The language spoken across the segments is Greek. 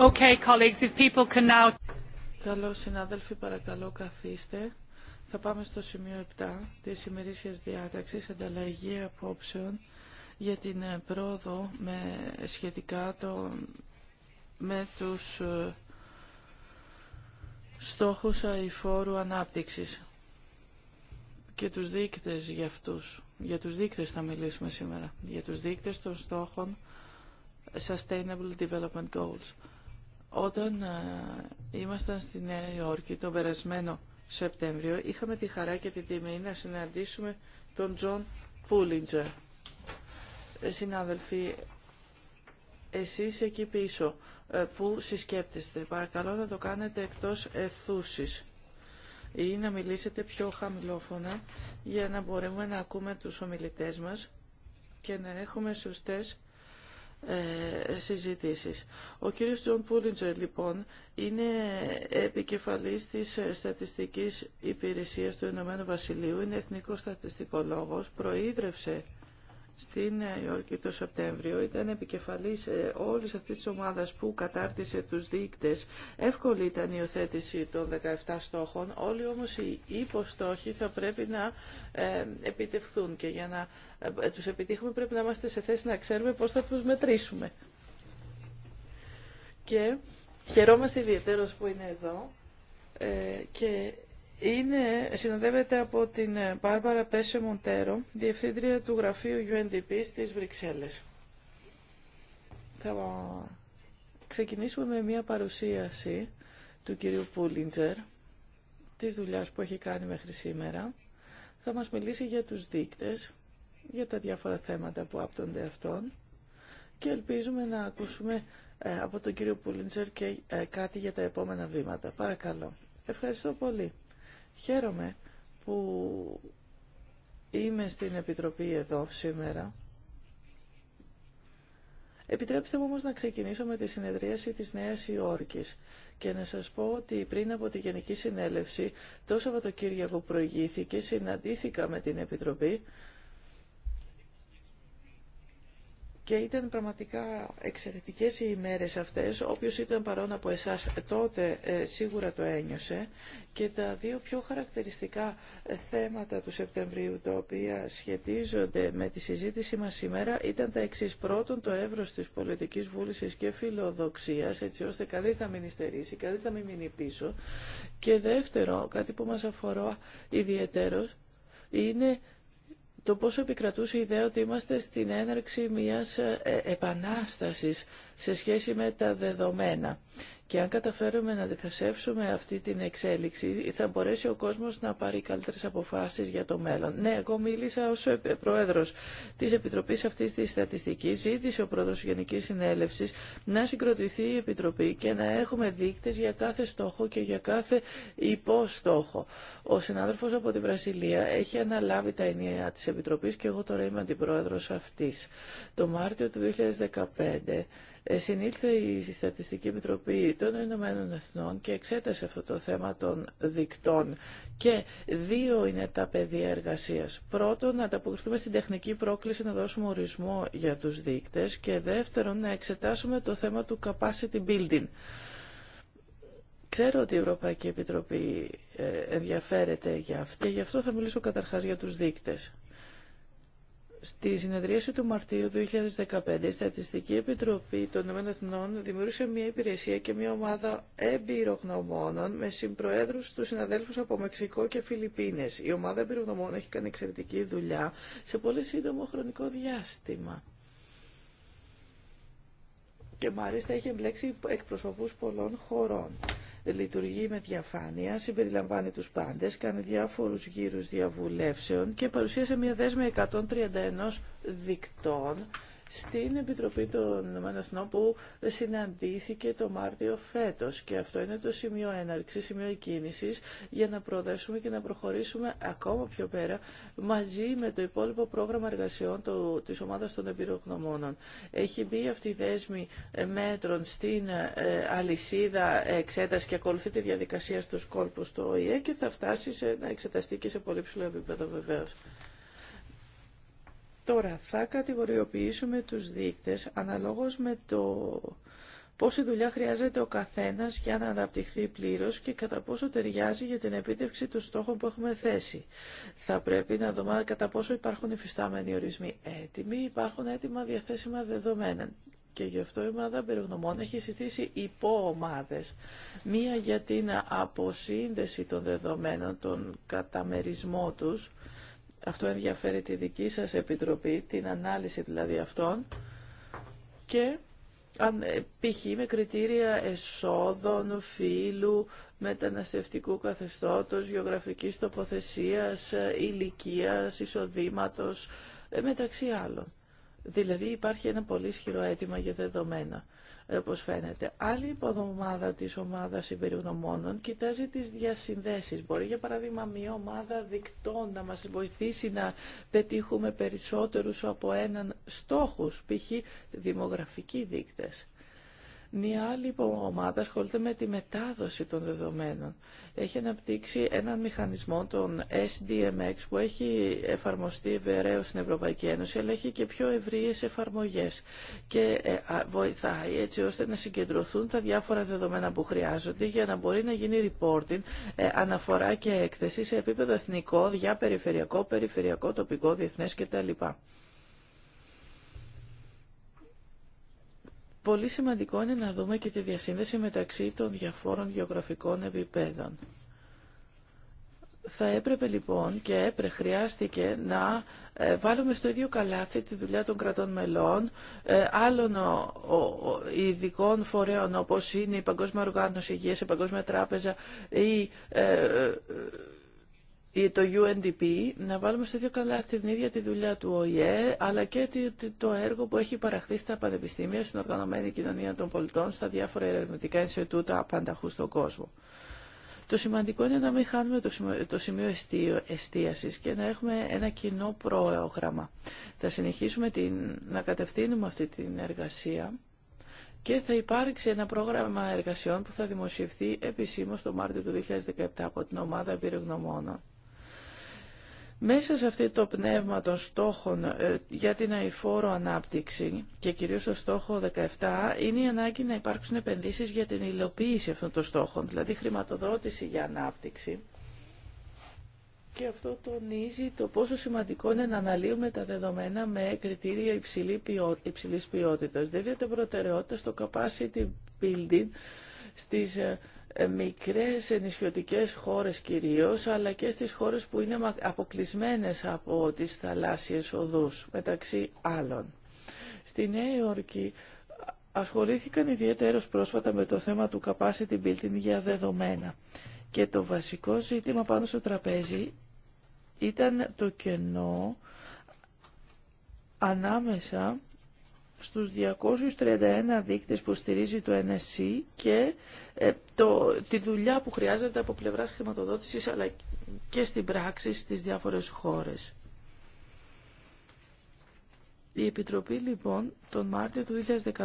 Okay, colleagues, if people can now... Καλώς συνάδελφοι, παρακαλώ καθίστε. Θα πάμε στο σημείο 7 της ημερήσιας διάταξης, ανταλλαγή απόψεων για την ε, πρόοδο με, σχετικά το, με τους ε, στόχους αηφόρου ανάπτυξης και τους δείκτες για αυτούς. Για τους δείκτες θα μιλήσουμε σήμερα. Για τους δείκτες των στόχων Sustainable Development Goals. Όταν ε, ήμασταν στη Νέα Υόρκη τον περασμένο Σεπτέμβριο, είχαμε τη χαρά και την τιμή να συναντήσουμε τον Τζον Πούλιντζερ. Ε, συνάδελφοι, εσείς εκεί πίσω ε, που συσκέπτεστε, παρακαλώ να το κάνετε εκτός εθούσης ή να μιλήσετε πιο χαμηλόφωνα για να μπορούμε να ακούμε τους ομιλητές μας και να έχουμε σωστές ε, συζητήσεις. Ο κύριος Τζον Πούλιντζερ λοιπόν είναι επικεφαλής της στατιστικής υπηρεσίας του Ηνωμένου Βασιλείου, είναι εθνικός στατιστικολόγος, προείδρευσε στη Νέα Υόρκη το Σεπτέμβριο ήταν επικεφαλής ε, όλης αυτής της ομάδας που κατάρτισε τους δείκτες. Εύκολη ήταν η υιοθέτηση των 17 στόχων, όλοι όμως οι υποστόχοι θα πρέπει να ε, επιτευχθούν και για να ε, τους επιτύχουμε πρέπει να είμαστε σε θέση να ξέρουμε πώς θα τους μετρήσουμε. Και χαιρόμαστε ιδιαίτερος που είναι εδώ και είναι, συνοδεύεται από την ε, Μπάρμπαρα Πέσε Μοντέρο, διευθύντρια του γραφείου UNDP στις Βρυξέλλες. Θα ξεκινήσουμε με μια παρουσίαση του κυρίου Πούλιντζερ, της δουλειάς που έχει κάνει μέχρι σήμερα. Θα μας μιλήσει για τους δείκτες, για τα διάφορα θέματα που άπτονται αυτών και ελπίζουμε να ακούσουμε ε, από τον κύριο Πούλιντζερ και ε, κάτι για τα επόμενα βήματα. Παρακαλώ. Ευχαριστώ πολύ. Χαίρομαι που είμαι στην Επιτροπή εδώ σήμερα. Επιτρέψτε μου όμως να ξεκινήσω με τη συνεδρίαση της Νέας Υόρκης και να σας πω ότι πριν από τη Γενική Συνέλευση το Σαββατοκύριακο προηγήθηκε, συναντήθηκα με την Επιτροπή Και ήταν πραγματικά εξαιρετικές οι ημέρες αυτές. Όποιος ήταν παρόν από εσάς τότε ε, σίγουρα το ένιωσε. Και τα δύο πιο χαρακτηριστικά ε, θέματα του Σεπτεμβρίου, τα οποία σχετίζονται με τη συζήτηση μας σήμερα, ήταν τα εξής. Πρώτον, το εύρος της πολιτικής βούλησης και φιλοδοξίας, έτσι ώστε κανείς να μην υστερήσει, κανείς να μην μείνει πίσω. Και δεύτερο, κάτι που μας αφορά ιδιαίτερος, είναι το πόσο επικρατούσε η ιδέα ότι είμαστε στην έναρξη μιας ε, επανάστασης σε σχέση με τα δεδομένα. Και αν καταφέρουμε να αντιθασσεύσουμε αυτή την εξέλιξη, θα μπορέσει ο κόσμος να πάρει καλύτερες αποφάσεις για το μέλλον. Ναι, εγώ μίλησα ως πρόεδρος της Επιτροπής αυτής της στατιστικής. Ζήτησε ο πρόεδρος Γενικής Συνέλευσης να συγκροτηθεί η Επιτροπή και να έχουμε δείκτες για κάθε στόχο και για κάθε υποστόχο. Ο συνάδελφος από τη Βρασιλία έχει αναλάβει τα ενιαία της Επιτροπής και εγώ τώρα είμαι αντιπρόεδρος αυτής. Το Μάρτιο του 2015 συνήλθε η Συστατιστική επιτροπή των Ηνωμένων Εθνών και εξέτασε αυτό το θέμα των δικτών και δύο είναι τα πεδία εργασίας. Πρώτον, να ανταποκριθούμε στην τεχνική πρόκληση να δώσουμε ορισμό για τους δίκτες και δεύτερον, να εξετάσουμε το θέμα του capacity building. Ξέρω ότι η Ευρωπαϊκή Επιτροπή ε, ενδιαφέρεται για αυτή, γι' αυτό θα μιλήσω καταρχάς για τους δείκτες. Στη συνεδρίαση του Μαρτίου 2015, η Στατιστική Επιτροπή των Εθνών δημιούργησε μια υπηρεσία και μια ομάδα εμπειρογνωμόνων με συμπροέδρου του συναδέλφου από Μεξικό και Φιλιππίνε. Η ομάδα εμπειρογνωμόνων έχει κάνει εξαιρετική δουλειά σε πολύ σύντομο χρονικό διάστημα. Και μάλιστα έχει εμπλέξει εκπροσωπούς πολλών χωρών λειτουργεί με διαφάνεια, συμπεριλαμβάνει τους πάντες, κάνει διάφορους γύρους διαβουλεύσεων και παρουσίασε μια δέσμη 131 δικτών στην Επιτροπή των Εθνών που συναντήθηκε το Μάρτιο φέτος και αυτό είναι το σημείο έναρξη, σημείο κίνησης για να προοδεύσουμε και να προχωρήσουμε ακόμα πιο πέρα μαζί με το υπόλοιπο πρόγραμμα εργασιών τη της ομάδας των εμπειρογνωμόνων. Έχει μπει αυτή η δέσμη μέτρων στην ε, αλυσίδα εξέταση και ακολουθεί τη διαδικασία στους κόλπους του ΟΗΕ και θα φτάσει να εξεταστεί και σε πολύ ψηλό επίπεδο βεβαίως. Τώρα, θα κατηγοριοποιήσουμε τους δείκτες αναλόγως με το πόση δουλειά χρειάζεται ο καθένας για να αναπτυχθεί πλήρως και κατά πόσο ταιριάζει για την επίτευξη των στόχων που έχουμε θέσει. Θα πρέπει να δούμε κατά πόσο υπάρχουν υφιστάμενοι ορισμοί έτοιμοι, υπάρχουν έτοιμα διαθέσιμα δεδομένα. Και γι' αυτό η ομάδα περιγνωμών έχει συστήσει υποομάδες. Μία για την αποσύνδεση των δεδομένων, τον καταμερισμό τους, αυτό ενδιαφέρει τη δική σας επιτροπή, την ανάλυση δηλαδή αυτών και αν ε, π.χ. με κριτήρια εσόδων, φύλου, μεταναστευτικού καθεστώτος, γεωγραφικής τοποθεσίας, ε, ηλικίας, εισοδήματος, ε, μεταξύ άλλων. Δηλαδή υπάρχει ένα πολύ ισχυρό αίτημα για δεδομένα, ε, όπως φαίνεται. Άλλη υποδομάδα της ομάδας υπερηγνωμόνων κοιτάζει τις διασυνδέσεις. Μπορεί, για παράδειγμα, μια ομάδα δικτών να μας βοηθήσει να πετύχουμε περισσότερους από έναν στόχους, π.χ. δημογραφικοί δείκτες. Μία άλλη ομάδα ασχολείται με τη μετάδοση των δεδομένων. Έχει αναπτύξει έναν μηχανισμό, τον SDMX, που έχει εφαρμοστεί ευεραίως στην Ευρωπαϊκή Ένωση, αλλά έχει και πιο ευρείες εφαρμογές και ε, βοηθάει έτσι ώστε να συγκεντρωθούν τα διάφορα δεδομένα που χρειάζονται για να μπορεί να γίνει reporting, ε, αναφορά και έκθεση σε επίπεδο εθνικό, διαπεριφερειακό, περιφερειακό, τοπικό, διεθνές κτλ. Πολύ σημαντικό είναι να δούμε και τη διασύνδεση μεταξύ των διαφόρων γεωγραφικών επιπέδων. Θα έπρεπε λοιπόν και έπρεπε χρειάστηκε να ε, βάλουμε στο ίδιο καλάθι τη δουλειά των κρατών μελών, ε, άλλων ειδικών φορέων όπως είναι η Παγκόσμια Οργάνωση Υγείας, η Παγκόσμια Τράπεζα ή ε, ε, το UNDP, να βάλουμε στο ίδιο καλά την ίδια τη δουλειά του ΟΗΕ, αλλά και το έργο που έχει παραχθεί στα πανεπιστήμια, στην οργανωμένη κοινωνία των πολιτών, στα διάφορα ερευνητικά Ινστιτούτα απανταχού στον κόσμο. Το σημαντικό είναι να μην χάνουμε το σημείο εστίασης και να έχουμε ένα κοινό πρόγραμμα. Θα συνεχίσουμε την, να κατευθύνουμε αυτή την εργασία και θα υπάρξει ένα πρόγραμμα εργασιών που θα δημοσιευθεί επισήμως το Μάρτιο του 2017 από την ομάδα εμπειρογνωμόνων. Μέσα σε αυτό το πνεύμα των στόχων ε, για την αηφόρο ανάπτυξη και κυρίως το στόχο 17 είναι η ανάγκη να υπάρξουν επενδύσεις για την υλοποίηση αυτών των στόχων, δηλαδή χρηματοδότηση για ανάπτυξη. Και αυτό τονίζει το πόσο σημαντικό είναι να αναλύουμε τα δεδομένα με κριτήρια υψηλής ποιότητας. Δίδεται προτεραιότητα στο capacity building στις ε, ε, μικρές νησιωτικές χώρες κυρίως, αλλά και στις χώρες που είναι αποκλεισμένες από τις θαλάσσιες οδούς, μεταξύ άλλων. Στη Νέα Υόρκη ασχολήθηκαν ιδιαίτερος πρόσφατα με το θέμα του capacity building για δεδομένα. Και το βασικό ζήτημα πάνω στο τραπέζι ήταν το κενό ανάμεσα στους 231 δείκτες που στηρίζει το NSC και ε, το, τη δουλειά που χρειάζεται από πλευράς χρηματοδότησης αλλά και στην πράξη στις διάφορες χώρες. Η Επιτροπή λοιπόν τον Μάρτιο του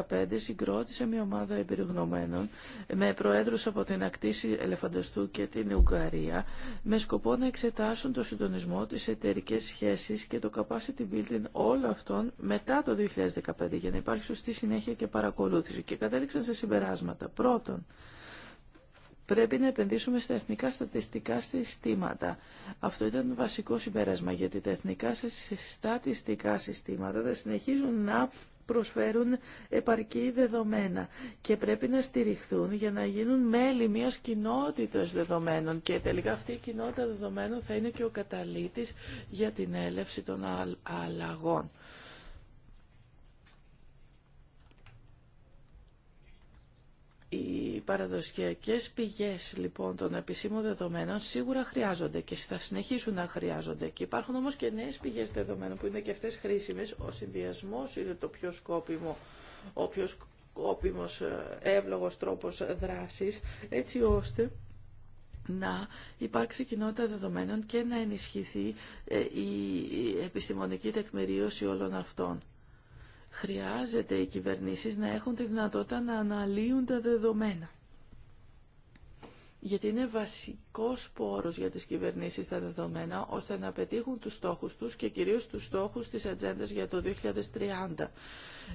2015 συγκρότησε μια ομάδα εμπειρογνωμένων με προέδρους από την Ακτήση Ελεφαντοστού και την Ουγγαρία με σκοπό να εξετάσουν το συντονισμό, της εταιρικέ σχέσεις και το capacity building όλων αυτών μετά το 2015 για να υπάρχει σωστή συνέχεια και παρακολούθηση και κατέληξαν σε συμπεράσματα. Πρώτον, Πρέπει να επενδύσουμε στα εθνικά στατιστικά συστήματα. Αυτό ήταν βασικό συμπέρασμα, γιατί τα εθνικά στατιστικά συστήματα δεν συνεχίζουν να προσφέρουν επαρκή δεδομένα και πρέπει να στηριχθούν για να γίνουν μέλη μιας κοινότητας δεδομένων και τελικά αυτή η κοινότητα δεδομένων θα είναι και ο καταλήτης για την έλευση των αλλαγών. Οι παραδοσιακές πηγές λοιπόν των επισήμων δεδομένων σίγουρα χρειάζονται και θα συνεχίσουν να χρειάζονται και υπάρχουν όμως και νέες πηγές δεδομένων που είναι και αυτές χρήσιμες. Ο συνδυασμός είναι το πιο σκόπιμο, ο πιο σκόπιμος ε, εύλογος τρόπος δράσης έτσι ώστε να υπάρξει κοινότητα δεδομένων και να ενισχυθεί ε, η επιστημονική τεκμηρίωση όλων αυτών. Χρειάζεται οι κυβερνήσεις να έχουν τη δυνατότητα να αναλύουν τα δεδομένα. Γιατί είναι βασικός πόρος για τις κυβερνήσεις τα δεδομένα, ώστε να πετύχουν τους στόχους τους και κυρίως τους στόχους της ατζέντα για το 2030.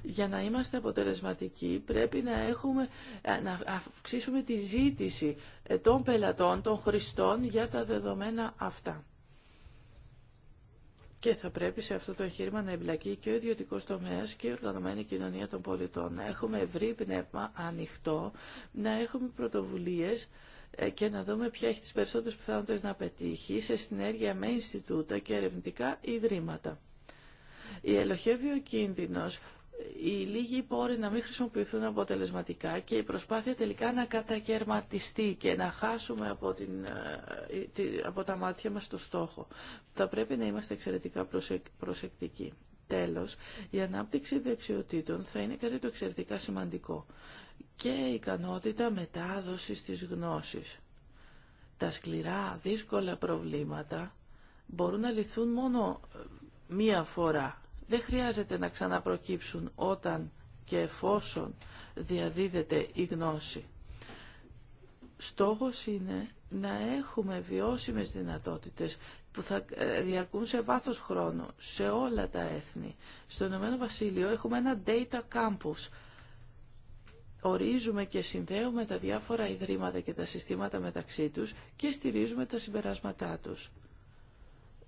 Για να είμαστε αποτελεσματικοί πρέπει να, έχουμε, ε, να αυξήσουμε τη ζήτηση ε, των πελατών, των χρηστών για τα δεδομένα αυτά. Και θα πρέπει σε αυτό το εγχείρημα να εμπλακεί και ο ιδιωτικό τομέα και η οργανωμένη κοινωνία των πολιτών. Να έχουμε ευρύ πνεύμα, ανοιχτό, να έχουμε πρωτοβουλίε ε, και να δούμε ποια έχει τι περισσότερε πιθανότητε να πετύχει σε συνέργεια με Ινστιτούτα και ερευνητικά ιδρύματα. Η ελοχεύει ο κίνδυνος οι λίγοι πόροι να μην χρησιμοποιηθούν αποτελεσματικά και η προσπάθεια τελικά να κατακαιρματιστεί και να χάσουμε από, την, ε, ε, από τα μάτια μας το στόχο. Θα πρέπει να είμαστε εξαιρετικά προσεκτικοί. Τέλος, η ανάπτυξη δεξιοτήτων θα είναι κάτι το εξαιρετικά σημαντικό και η ικανότητα μετάδοσης της γνώσης. Τα σκληρά, δύσκολα προβλήματα μπορούν να λυθούν μόνο ε, μία φορά δεν χρειάζεται να ξαναπροκύψουν όταν και εφόσον διαδίδεται η γνώση. Στόχος είναι να έχουμε βιώσιμες δυνατότητες που θα ε, διαρκούν σε βάθος χρόνου σε όλα τα έθνη. Στο Ηνωμένο Βασίλειο έχουμε ένα data campus. Ορίζουμε και συνδέουμε τα διάφορα ιδρύματα και τα συστήματα μεταξύ τους και στηρίζουμε τα συμπεράσματά τους.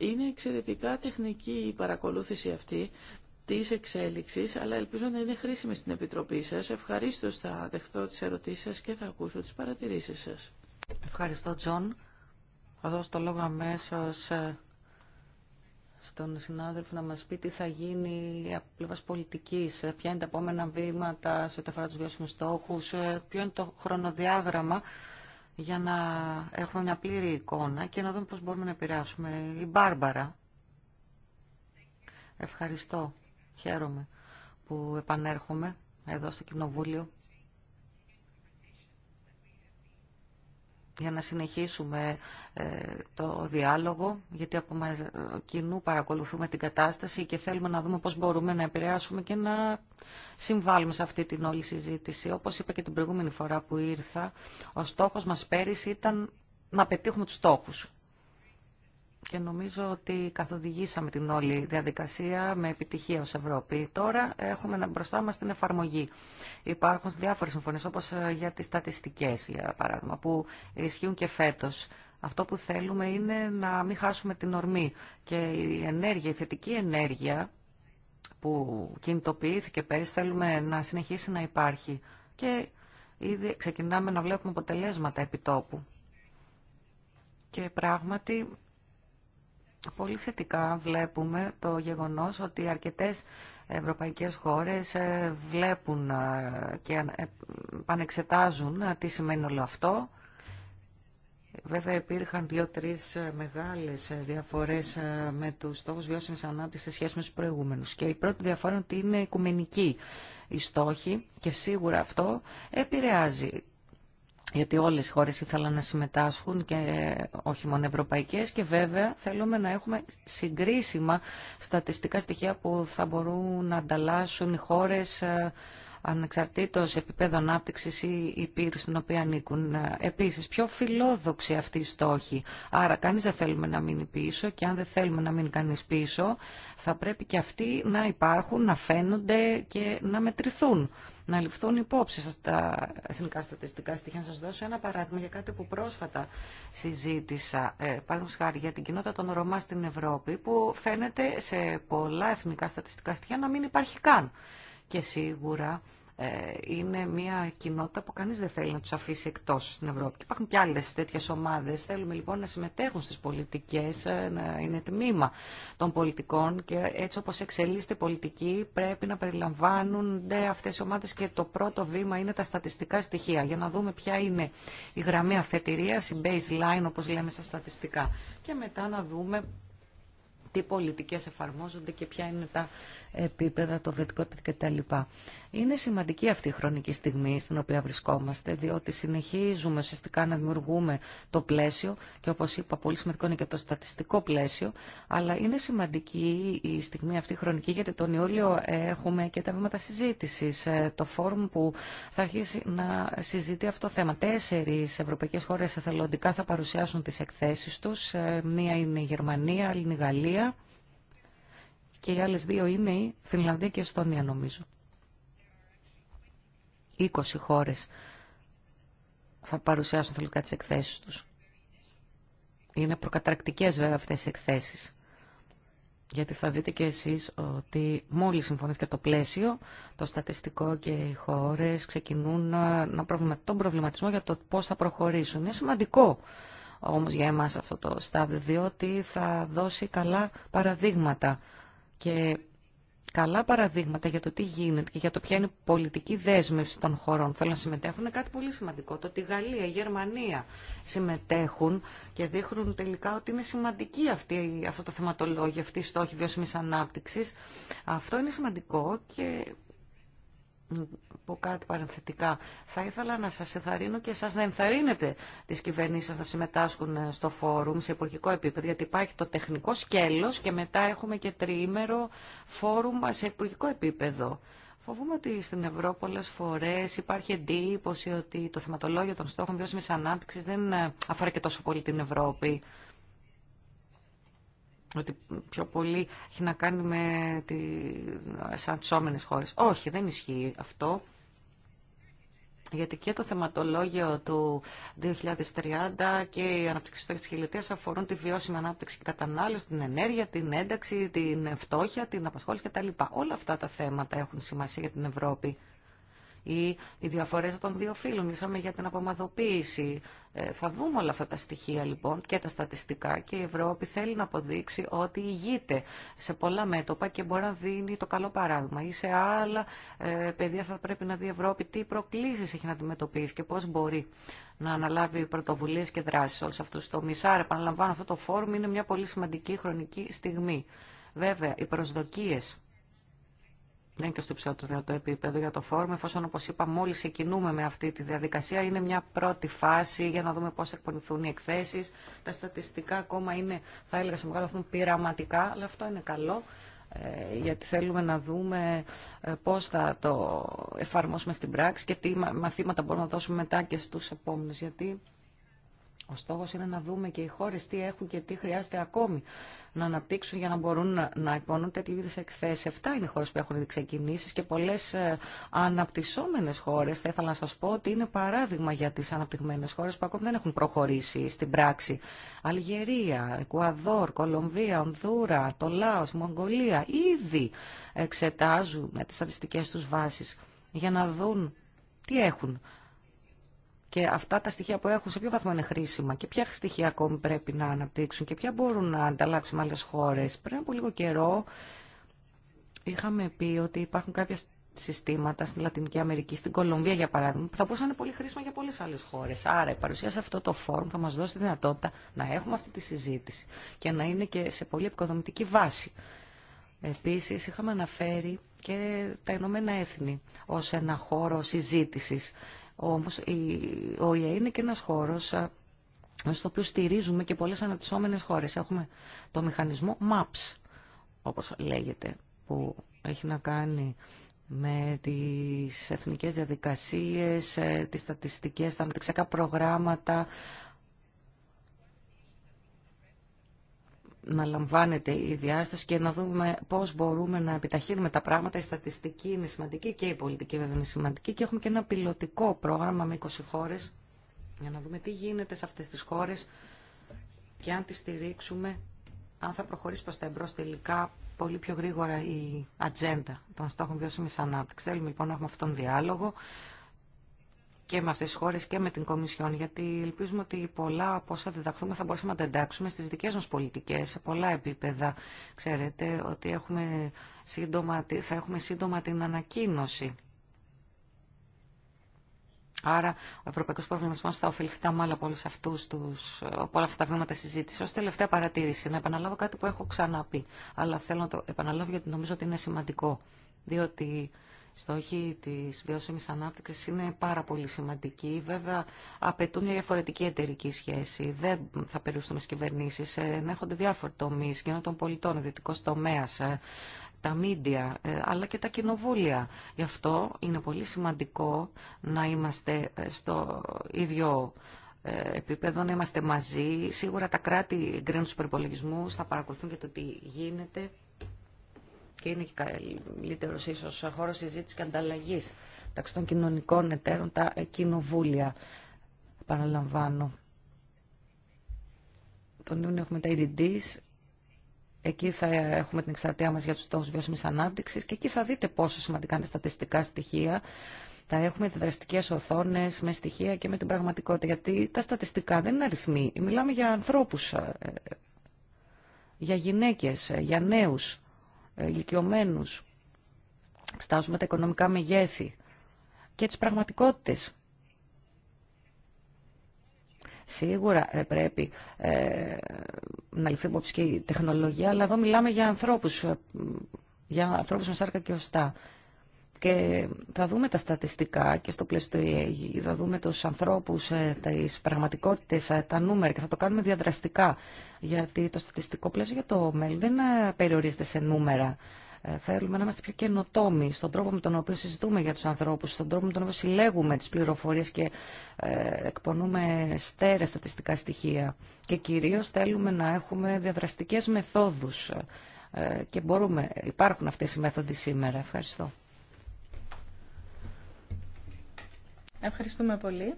Είναι εξαιρετικά τεχνική η παρακολούθηση αυτή της εξέλιξης, αλλά ελπίζω να είναι χρήσιμη στην Επιτροπή σας. Ευχαρίστω θα δεχτώ τις ερωτήσεις σας και θα ακούσω τις παρατηρήσεις σας. Ευχαριστώ, Τζον. Θα δώσω το λόγο αμέσω ε, στον συνάδελφο να μας πει τι θα γίνει από πλευράς πολιτικής, ε, ποια είναι τα επόμενα βήματα σε ό,τι αφορά τους βιώσιμους στόχους, ε, ποιο είναι το χρονοδιάγραμμα για να έχουμε μια πλήρη εικόνα και να δούμε πώς μπορούμε να επηρεάσουμε. Η Μπάρμπαρα. Ευχαριστώ. Χαίρομαι που επανέρχομαι εδώ στο Κοινοβούλιο. για να συνεχίσουμε ε, το διάλογο, γιατί από κοινού παρακολουθούμε την κατάσταση και θέλουμε να δούμε πώς μπορούμε να επηρεάσουμε και να συμβάλλουμε σε αυτή την όλη συζήτηση. Όπως είπα και την προηγούμενη φορά που ήρθα, ο στόχος μας πέρυσι ήταν να πετύχουμε τους στόχους και νομίζω ότι καθοδηγήσαμε την όλη διαδικασία με επιτυχία ως Ευρώπη. Τώρα έχουμε μπροστά μας την εφαρμογή. Υπάρχουν διάφορες συμφωνίες όπως ε, για τις στατιστικές, για παράδειγμα, που ισχύουν και φέτος. Αυτό που θέλουμε είναι να μην χάσουμε την ορμή και η ενέργεια, η θετική ενέργεια που κινητοποιήθηκε πέρυσι θέλουμε να συνεχίσει να υπάρχει και ήδη ξεκινάμε να βλέπουμε αποτελέσματα επιτόπου. Και πράγματι Πολύ θετικά βλέπουμε το γεγονός ότι αρκετές ευρωπαϊκές χώρες ε, βλέπουν ε, και ε, πανεξετάζουν τι σημαίνει όλο αυτό. Βέβαια υπήρχαν δύο-τρεις μεγάλες διαφορές με τους στόχους βιώσιμης ανάπτυξης σε σχέση με τους προηγούμενους. Και η πρώτη διαφορά είναι ότι είναι οικουμενική η στόχη και σίγουρα αυτό επηρεάζει γιατί όλες οι χώρες ήθελαν να συμμετάσχουν και όχι μόνο ευρωπαϊκές και βέβαια θέλουμε να έχουμε συγκρίσιμα στατιστικά στοιχεία που θα μπορούν να ανταλλάσσουν οι χώρες ε, ανεξαρτήτως επίπεδο ανάπτυξης ή υπήρου στην οποία ανήκουν. ανάπτυξη ή η στόχη. Άρα, κανείς δεν θέλουμε να μείνει πίσω και αν δεν θέλουμε να μείνει κανείς πίσω, θα πρέπει και αυτοί να υπάρχουν, να φαίνονται και να μετρηθούν να ληφθούν υπόψη σας τα εθνικά στατιστικά στοιχεία. Να σας δώσω ένα παράδειγμα για κάτι που πρόσφατα συζήτησα, ε, χάρη για την κοινότητα των Ρωμά στην Ευρώπη, που φαίνεται σε πολλά εθνικά στατιστικά στοιχεία να μην υπάρχει καν και σίγουρα ε, είναι μια κοινότητα που κανείς δεν θέλει να τους αφήσει εκτός στην Ευρώπη. Και υπάρχουν και άλλες τέτοιες ομάδες. Θέλουμε λοιπόν να συμμετέχουν στις πολιτικές, ε, να είναι τμήμα των πολιτικών και έτσι όπως εξελίσσεται η πολιτική πρέπει να περιλαμβάνονται αυτές οι ομάδες και το πρώτο βήμα είναι τα στατιστικά στοιχεία για να δούμε ποια είναι η γραμμή αφετηρίας, η baseline όπως λέμε στα στατιστικά και μετά να δούμε τι πολιτικές εφαρμόζονται και ποια είναι τα επίπεδα, το βιωτικό επίπεδο κτλ. Είναι σημαντική αυτή η χρονική στιγμή στην οποία βρισκόμαστε, διότι συνεχίζουμε ουσιαστικά να δημιουργούμε το πλαίσιο και όπως είπα πολύ σημαντικό είναι και το στατιστικό πλαίσιο, αλλά είναι σημαντική η στιγμή αυτή η χρονική γιατί τον Ιούλιο έχουμε και τα βήματα συζήτησης, ε, το φόρουμ που θα αρχίσει να συζητεί αυτό το θέμα. Τέσσερις ευρωπαϊκές χώρες εθελοντικά θα παρουσιάσουν τις εκθέσεις τους, ε, μία είναι η Γερμανία, άλλη είναι η Γαλλία, και οι άλλες δύο είναι η Φινλανδία και η Εστονία νομίζω. 20 χώρες θα παρουσιάσουν τελικά τις εκθέσεις τους. Είναι προκαταρκτικές βέβαια αυτές οι εκθέσεις. Γιατί θα δείτε και εσείς ότι μόλις συμφωνήθηκε το πλαίσιο, το στατιστικό και οι χώρες ξεκινούν να προβλημα... τον προβληματισμό για το πώς θα προχωρήσουν. Είναι σημαντικό όμως για εμάς αυτό το στάδιο, διότι θα δώσει καλά παραδείγματα και καλά παραδείγματα για το τι γίνεται και για το ποια είναι η πολιτική δέσμευση των χωρών. θέλουν να συμμετέχουν είναι κάτι πολύ σημαντικό. Το ότι η Γαλλία, η Γερμανία συμμετέχουν και δείχνουν τελικά ότι είναι σημαντική αυτή, αυτό το θεματολόγιο, αυτή η στόχη βιώσιμη ανάπτυξη. Αυτό είναι σημαντικό και πω κάτι παρενθετικά. Θα ήθελα να σας ενθαρρύνω και σας να ενθαρρύνετε τις κυβερνήσεις σας να συμμετάσχουν ε, στο φόρουμ σε υπουργικό επίπεδο, γιατί υπάρχει το τεχνικό σκέλος και μετά έχουμε και τριήμερο φόρουμ σε υπουργικό επίπεδο. Φοβούμαι ότι στην Ευρώπη πολλές φορές υπάρχει εντύπωση ότι το θεματολόγιο των στόχων βιώσιμης ανάπτυξης δεν ε, αφορά και τόσο πολύ την Ευρώπη ότι πιο πολύ έχει να κάνει με τις όμενες χώρες. Όχι, δεν ισχύει αυτό. Γιατί και το θεματολόγιο του 2030 και η αναπτύξη τη αφορούν τη βιώσιμη ανάπτυξη και κατανάλωση, την ενέργεια, την ένταξη, την φτώχεια, την απασχόληση κτλ. Όλα αυτά τα θέματα έχουν σημασία για την Ευρώπη ή οι διαφορέ των δύο φύλων. Μιλήσαμε για την απομαδοποίηση. Ε, θα δούμε όλα αυτά τα στοιχεία λοιπόν και τα στατιστικά και η Ευρώπη θέλει να αποδείξει ότι ηγείται σε πολλά μέτωπα και μπορεί να δίνει το καλό παράδειγμα. Ή σε άλλα ε, παιδιά θα πρέπει να δει η Ευρώπη τι προκλήσεις έχει να αντιμετωπίσει και πώς μπορεί να αναλάβει πρωτοβουλίε και δράσει όλου αυτού του τομεί. Άρα, επαναλαμβάνω, αυτό το φόρουμ είναι μια πολύ σημαντική χρονική στιγμή. Βέβαια, οι προσδοκίες είναι και στο του δυνατό επίπεδο για το φόρμα, εφόσον όπω είπα μόλι ξεκινούμε με αυτή τη διαδικασία, είναι μια πρώτη φάση για να δούμε πώς εκπονηθούν οι εκθέσει. Τα στατιστικά ακόμα είναι, θα έλεγα σε μεγάλο βαθμό, πειραματικά, αλλά αυτό είναι καλό ε, γιατί θέλουμε να δούμε ε, πώς θα το εφαρμόσουμε στην πράξη και τι μαθήματα μπορούμε να δώσουμε μετά και στους επόμενους, γιατί ο στόχο είναι να δούμε και οι χώρε τι έχουν και τι χρειάζεται ακόμη να αναπτύξουν για να μπορούν να υπονοούν τέτοιου είδους εκθέσεις. Εφτά είναι οι χώρε που έχουν ήδη ξεκινήσει και πολλέ ε, αναπτυσσόμενε χώρε. θα ήθελα να σα πω ότι είναι παράδειγμα για τι αναπτυγμένε χώρε που ακόμη δεν έχουν προχωρήσει στην πράξη. Αλγερία, Εκουαδόρ, Κολομβία, Ονδούρα, το Λάο, Μογγολία ήδη εξετάζουν τι στατιστικέ του βάσει για να δουν τι έχουν και αυτά τα στοιχεία που έχουν σε ποιο βαθμό είναι χρήσιμα και ποια στοιχεία ακόμη πρέπει να αναπτύξουν και ποια μπορούν να ανταλλάξουν με άλλες χώρες. Πριν από λίγο καιρό είχαμε πει ότι υπάρχουν κάποια συστήματα στην Λατινική Αμερική, στην Κολομβία για παράδειγμα, που θα μπορούσαν να είναι πολύ χρήσιμα για πολλές άλλες χώρες. Άρα η παρουσία σε αυτό το φόρουμ θα μας δώσει τη δυνατότητα να έχουμε αυτή τη συζήτηση και να είναι και σε πολύ επικοδομητική βάση. Επίσης είχαμε αναφέρει και τα Ηνωμένα Έθνη ως ένα χώρο συζήτησης όμως η ΟΗΕ είναι και ένας χώρος στο οποίο στηρίζουμε και πολλές αναπτυσσόμενες χώρες. Έχουμε το μηχανισμό MAPS, όπως λέγεται, που έχει να κάνει με τις εθνικές διαδικασίες, ε, τις στατιστικές, τα μεταξιακά προγράμματα, να λαμβάνεται η διάσταση και να δούμε πώς μπορούμε να επιταχύνουμε τα πράγματα. Η στατιστική είναι σημαντική και η πολιτική βέβαια είναι σημαντική και έχουμε και ένα πιλωτικό πρόγραμμα με 20 χώρες για να δούμε τι γίνεται σε αυτές τις χώρες και αν τις στηρίξουμε, αν θα προχωρήσει προς τα εμπρός τελικά πολύ πιο γρήγορα η ατζέντα των στόχων βιώσιμης ανάπτυξης. Θέλουμε λοιπόν να έχουμε αυτόν τον διάλογο και με αυτέ τι χώρε και με την Κομισιόν, γιατί ελπίζουμε ότι πολλά από όσα διδαχθούμε θα μπορούσαμε να τα εντάξουμε στι δικέ μα πολιτικέ σε πολλά επίπεδα. Ξέρετε ότι έχουμε σύντομα, θα έχουμε σύντομα την ανακοίνωση. Άρα ο Ευρωπαϊκό Προβληματισμός θα ωφεληθεί τα μάλλον από, όλου αυτούς από όλα αυτά τα βήματα συζήτηση. Ω τελευταία παρατήρηση, να επαναλάβω κάτι που έχω ξαναπεί, αλλά θέλω να το επαναλάβω γιατί νομίζω ότι είναι σημαντικό. Διότι στόχοι της βιώσιμης ανάπτυξης είναι πάρα πολύ σημαντική Βέβαια, απαιτούν μια διαφορετική εταιρική σχέση. Δεν θα περιουστούμε στις κυβερνήσεις. Ε, έχονται διάφοροι τομείς, κοινό των πολιτών, ο δυτικός τομέας, ε, τα μίντια, ε, αλλά και τα κοινοβούλια. Γι' αυτό είναι πολύ σημαντικό να είμαστε στο ίδιο επίπεδο, να είμαστε μαζί. Σίγουρα τα κράτη γκρίνουν τους προπολογισμού, θα παρακολουθούν και το τι γίνεται και είναι και καλύτερο ίσω χώρο συζήτηση και ανταλλαγή μεταξύ των κοινωνικών εταίρων, τα κοινοβούλια. Παραλαμβάνω. Τον Ιούνιο έχουμε τα EDDs. Εκεί θα έχουμε την εξαρτία μας για τους στόχους βιώσιμης ανάπτυξης και εκεί θα δείτε πόσο σημαντικά είναι τα στατιστικά στοιχεία. Τα έχουμε δραστικές οθόνες με στοιχεία και με την πραγματικότητα. Γιατί τα στατιστικά δεν είναι αριθμοί. Μιλάμε για ανθρώπους, ε, ε, για γυναίκες, ε, για νέου. Ε, ηλικιωμένου, Εξετάζουμε τα οικονομικά μεγέθη και τις πραγματικότητες. Σίγουρα ε, πρέπει ε, να ληφθεί υπόψη και η τεχνολογία, αλλά εδώ μιλάμε για ανθρώπους, ε, για ανθρώπους με σάρκα και οστά και θα δούμε τα στατιστικά και στο πλαίσιο του ΙΕΓ, θα δούμε τους ανθρώπους, ε, τις πραγματικότητες, ε, τα νούμερα και θα το κάνουμε διαδραστικά. Γιατί το στατιστικό πλαίσιο για το μέλλον δεν ε, περιορίζεται σε νούμερα. Θέλουμε να είμαστε πιο καινοτόμοι στον τρόπο με τον οποίο συζητούμε για τους ανθρώπους, στον τρόπο με τον οποίο συλλέγουμε τις πληροφορίες και εκπονούμε στέρεα στατιστικά στοιχεία. Και κυρίως θέλουμε να έχουμε διαδραστικές μεθόδους και μπορούμε, υπάρχουν αυτές οι μέθοδοι σήμερα. Ευχαριστώ. Ευχαριστούμε πολύ.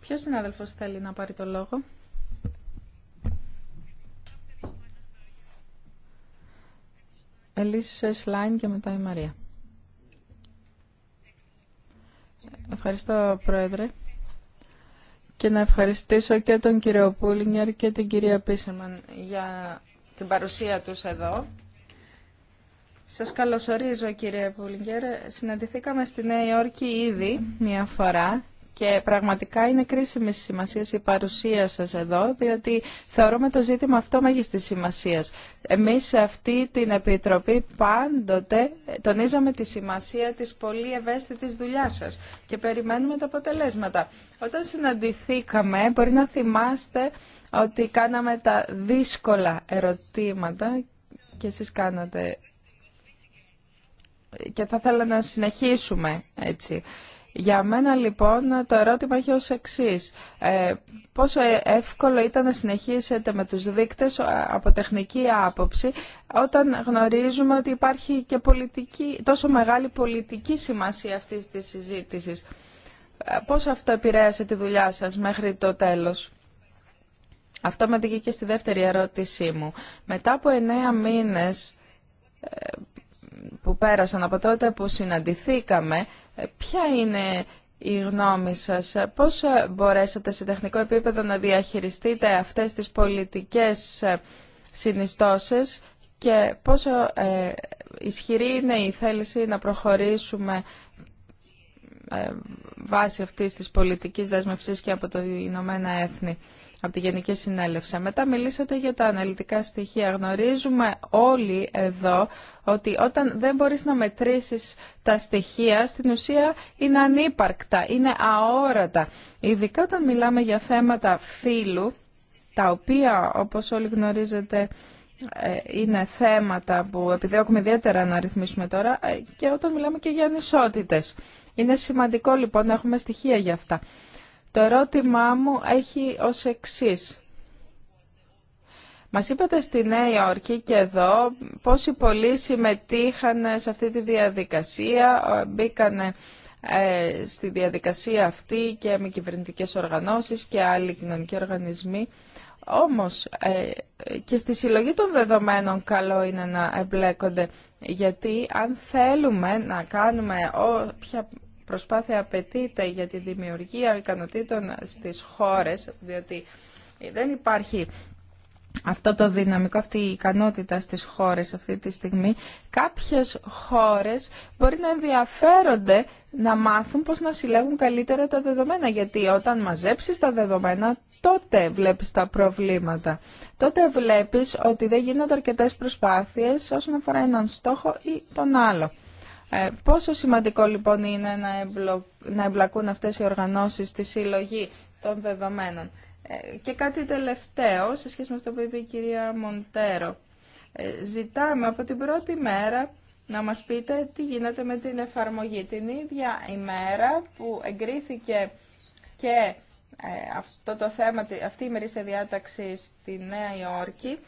Ποιο συνάδελφο θέλει να πάρει το λόγο. Ελίσσες Λάιν και μετά η Μαρία. Ευχαριστώ, Πρόεδρε. Και να ευχαριστήσω και τον κύριο Πούλινγκερ και την κυρία Πίσεμαν για την παρουσία τους εδώ σας καλωσορίζω κύριε Πουλιγκέρ. Συναντηθήκαμε στη Νέα Υόρκη ήδη μία φορά και πραγματικά είναι κρίσιμη σημασία η παρουσία σας εδώ, διότι θεωρούμε το ζήτημα αυτό μέγιστη σημασία. Εμείς σε αυτή την Επιτροπή πάντοτε τονίζαμε τη σημασία της πολύ ευαίσθητης δουλειά σας και περιμένουμε τα αποτελέσματα. Όταν συναντηθήκαμε, μπορεί να θυμάστε ότι κάναμε τα δύσκολα ερωτήματα και εσείς κάνατε και θα ήθελα να συνεχίσουμε έτσι. Για μένα λοιπόν το ερώτημα έχει ως εξής. Ε, πόσο εύκολο ήταν να συνεχίσετε με τους δείκτες από τεχνική άποψη όταν γνωρίζουμε ότι υπάρχει και πολιτική, τόσο μεγάλη πολιτική σημασία αυτής της συζήτησης. Ε, πώς αυτό επηρέασε τη δουλειά σας μέχρι το τέλος. Αυτό με και στη δεύτερη ερώτησή μου. Μετά από εννέα μήνες ε, που πέρασαν από τότε που συναντηθήκαμε, ε, ποια είναι η γνώμη σας, ε, πώς ε, μπορέσατε σε τεχνικό επίπεδο να διαχειριστείτε αυτές τις πολιτικές συνιστώσεις και πόσο ε, ισχυρή είναι η θέληση να προχωρήσουμε βάσει αυτής της πολιτικής δέσμευσης και από το Ηνωμένα Έθνη από τη Γενική Συνέλευση. Μετά μιλήσατε για τα αναλυτικά στοιχεία. Γνωρίζουμε όλοι εδώ ότι όταν δεν μπορείς να μετρήσεις τα στοιχεία, στην ουσία είναι ανύπαρκτα, είναι αόρατα. Ειδικά όταν μιλάμε για θέματα φύλου, τα οποία όπως όλοι γνωρίζετε ε, είναι θέματα που επιδιώκουμε ιδιαίτερα να ρυθμίσουμε τώρα ε, και όταν μιλάμε και για ανισότητες. Είναι σημαντικό λοιπόν να έχουμε στοιχεία για αυτά. Το ερώτημά μου έχει ως εξής. Μας είπατε στη Νέα Υόρκη και εδώ πόσοι πολλοί συμμετείχαν σε αυτή τη διαδικασία, ε, μπήκανε ε, στη διαδικασία αυτή και με κυβερνητικές οργανώσεις και άλλοι κοινωνικοί οργανισμοί. Όμως ε, και στη συλλογή των δεδομένων καλό είναι να εμπλέκονται γιατί αν θέλουμε να κάνουμε όποια προσπάθεια απαιτείται για τη δημιουργία ικανοτήτων στις χώρες, διότι δεν υπάρχει αυτό το δυναμικό, αυτή η ικανότητα στις χώρες αυτή τη στιγμή, κάποιες χώρες μπορεί να ενδιαφέρονται να μάθουν πώς να συλλέγουν καλύτερα τα δεδομένα, γιατί όταν μαζέψεις τα δεδομένα, τότε βλέπεις τα προβλήματα. Τότε βλέπεις ότι δεν γίνονται αρκετές προσπάθειες όσον αφορά έναν στόχο ή τον άλλο. Ε, πόσο σημαντικό λοιπόν είναι να, εμπλακούν αυτές οι οργανώσεις στη συλλογή των δεδομένων. Ε, και κάτι τελευταίο, σε σχέση με αυτό που είπε η κυρία Μοντέρο. Ε, ζητάμε από την πρώτη μέρα να μας πείτε τι γίνεται με την εφαρμογή. Την ίδια ημέρα που εγκρίθηκε και αυτό το θέμα, αυτή η σε διάταξη στη Νέα Υόρκη,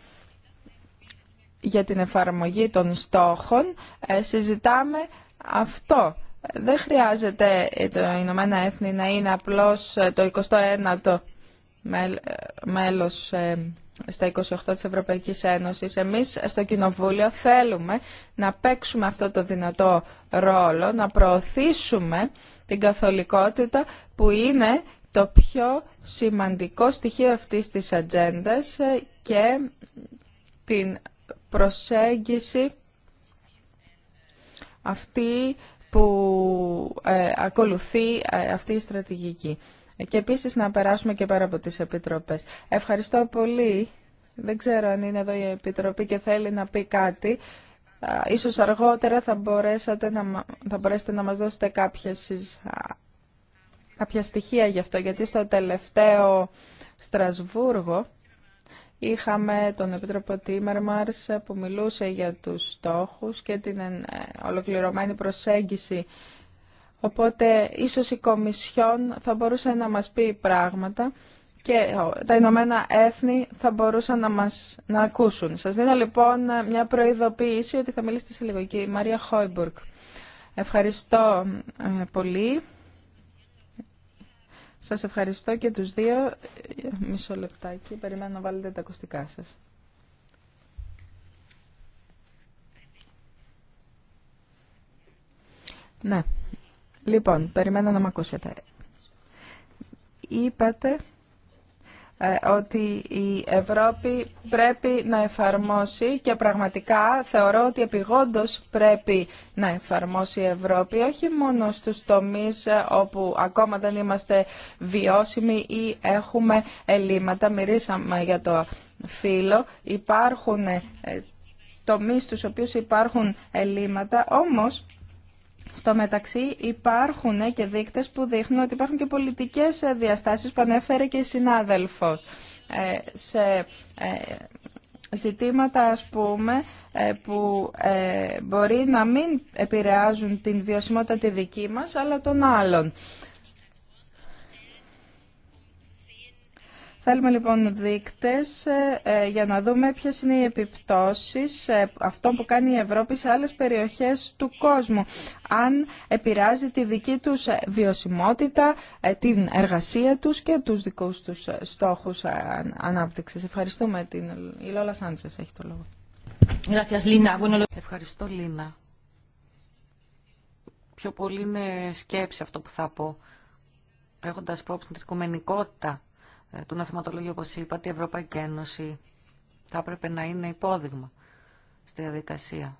για την εφαρμογή των στόχων ε, συζητάμε αυτό. Δεν χρειάζεται το Ηνωμένα Έθνη να είναι απλώς ε, το 21ο ε, μέλος στα 28 της Ευρωπαϊκής Ένωσης. Εμείς στο Κοινοβούλιο θέλουμε να παίξουμε αυτό το δυνατό ρόλο, να προωθήσουμε την καθολικότητα που είναι το πιο σημαντικό στοιχείο αυτής της ατζέντα και την προσέγγιση αυτή που ε, ακολουθεί ε, αυτή η στρατηγική. Και επίσης να περάσουμε και πέρα από τις επιτροπές. Ευχαριστώ πολύ. Δεν ξέρω αν είναι εδώ η Επιτροπή και θέλει να πει κάτι. Ίσως αργότερα θα, μπορέσατε να, θα μπορέσετε να μας δώσετε κάποια στοιχεία γι' αυτό. Γιατί στο τελευταίο Στρασβούργο Είχαμε τον Επίτροπο Τίμερμαρς που μιλούσε για τους στόχους και την ε, ολοκληρωμένη προσέγγιση. Οπότε ίσως η Κομισιόν θα μπορούσε να μας πει πράγματα και τα Ηνωμένα Έθνη θα μπορούσαν να μας να ακούσουν. Σας δίνω λοιπόν μια προειδοποίηση ότι θα μιλήσετε σε λίγο. Και η Μαρία Χόιμπουργκ. Ευχαριστώ ε, πολύ. Σας ευχαριστώ και τους δύο. Μισό λεπτάκι, περιμένω να βάλετε τα ακουστικά σας. Ναι. Λοιπόν, περιμένω να μ' ακούσετε. Είπατε ε, ότι η Ευρώπη πρέπει να εφαρμόσει και πραγματικά θεωρώ ότι επιγόντως πρέπει να εφαρμόσει η Ευρώπη όχι μόνο στους τομείς ε, όπου ακόμα δεν είμαστε βιώσιμοι ή έχουμε ελλείμματα. Μυρίσαμε για το φύλλο. Υπάρχουν ε, τομείς στους οποίους υπάρχουν ελλείμματα, όμως στο μεταξύ υπάρχουν και δείκτες που δείχνουν ότι υπάρχουν και πολιτικές ε, διαστάσεις που ανέφερε και η συνάδελφος. Ε, σε ε, ζητήματα ας πούμε ε, που μπορεί να μην επηρεάζουν την βιωσιμότητα τη δική μας αλλά των άλλων. Θέλουμε λοιπόν δείκτες ε, ε, για να δούμε ποιες είναι οι επιπτώσεις ε, αυτών που κάνει η Ευρώπη σε άλλες περιοχές του κόσμου. Αν επηρεάζει τη δική τους βιωσιμότητα, την εργασία τους και τους δικούς τους στόχους ανάπτυξης. Ευχαριστούμε την η Λόλα Σάντσες έχει το λόγο. Ευχαριστώ Λίνα. Πιο πολύ είναι σκέψη αυτό που θα πω. Έχοντας υπόψη την τρικουμενικότητα ε, του Ναθηματολογίου, όπως είπατε, η Ευρωπαϊκή Ένωση θα έπρεπε να είναι υπόδειγμα στη διαδικασία.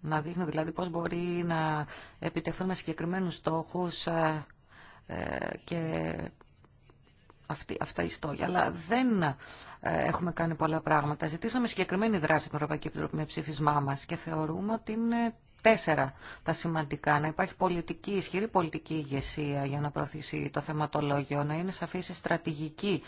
Να δείχνει δηλαδή πώς μπορεί να επιτευχθούν με συγκεκριμένους στόχους ε, ε, και αυτή, αυτά οι στόχοι. Αλλά δεν έχουμε κάνει πολλά πράγματα. Ζητήσαμε συγκεκριμένη δράση την Ευρωπαϊκή Επιτροπή με ψήφισμά μας και θεωρούμε ότι είναι Τέσσερα τα σημαντικά. Να υπάρχει πολιτική, ισχυρή πολιτική ηγεσία για να προωθήσει το θεματολόγιο, να είναι σαφή η στρατηγική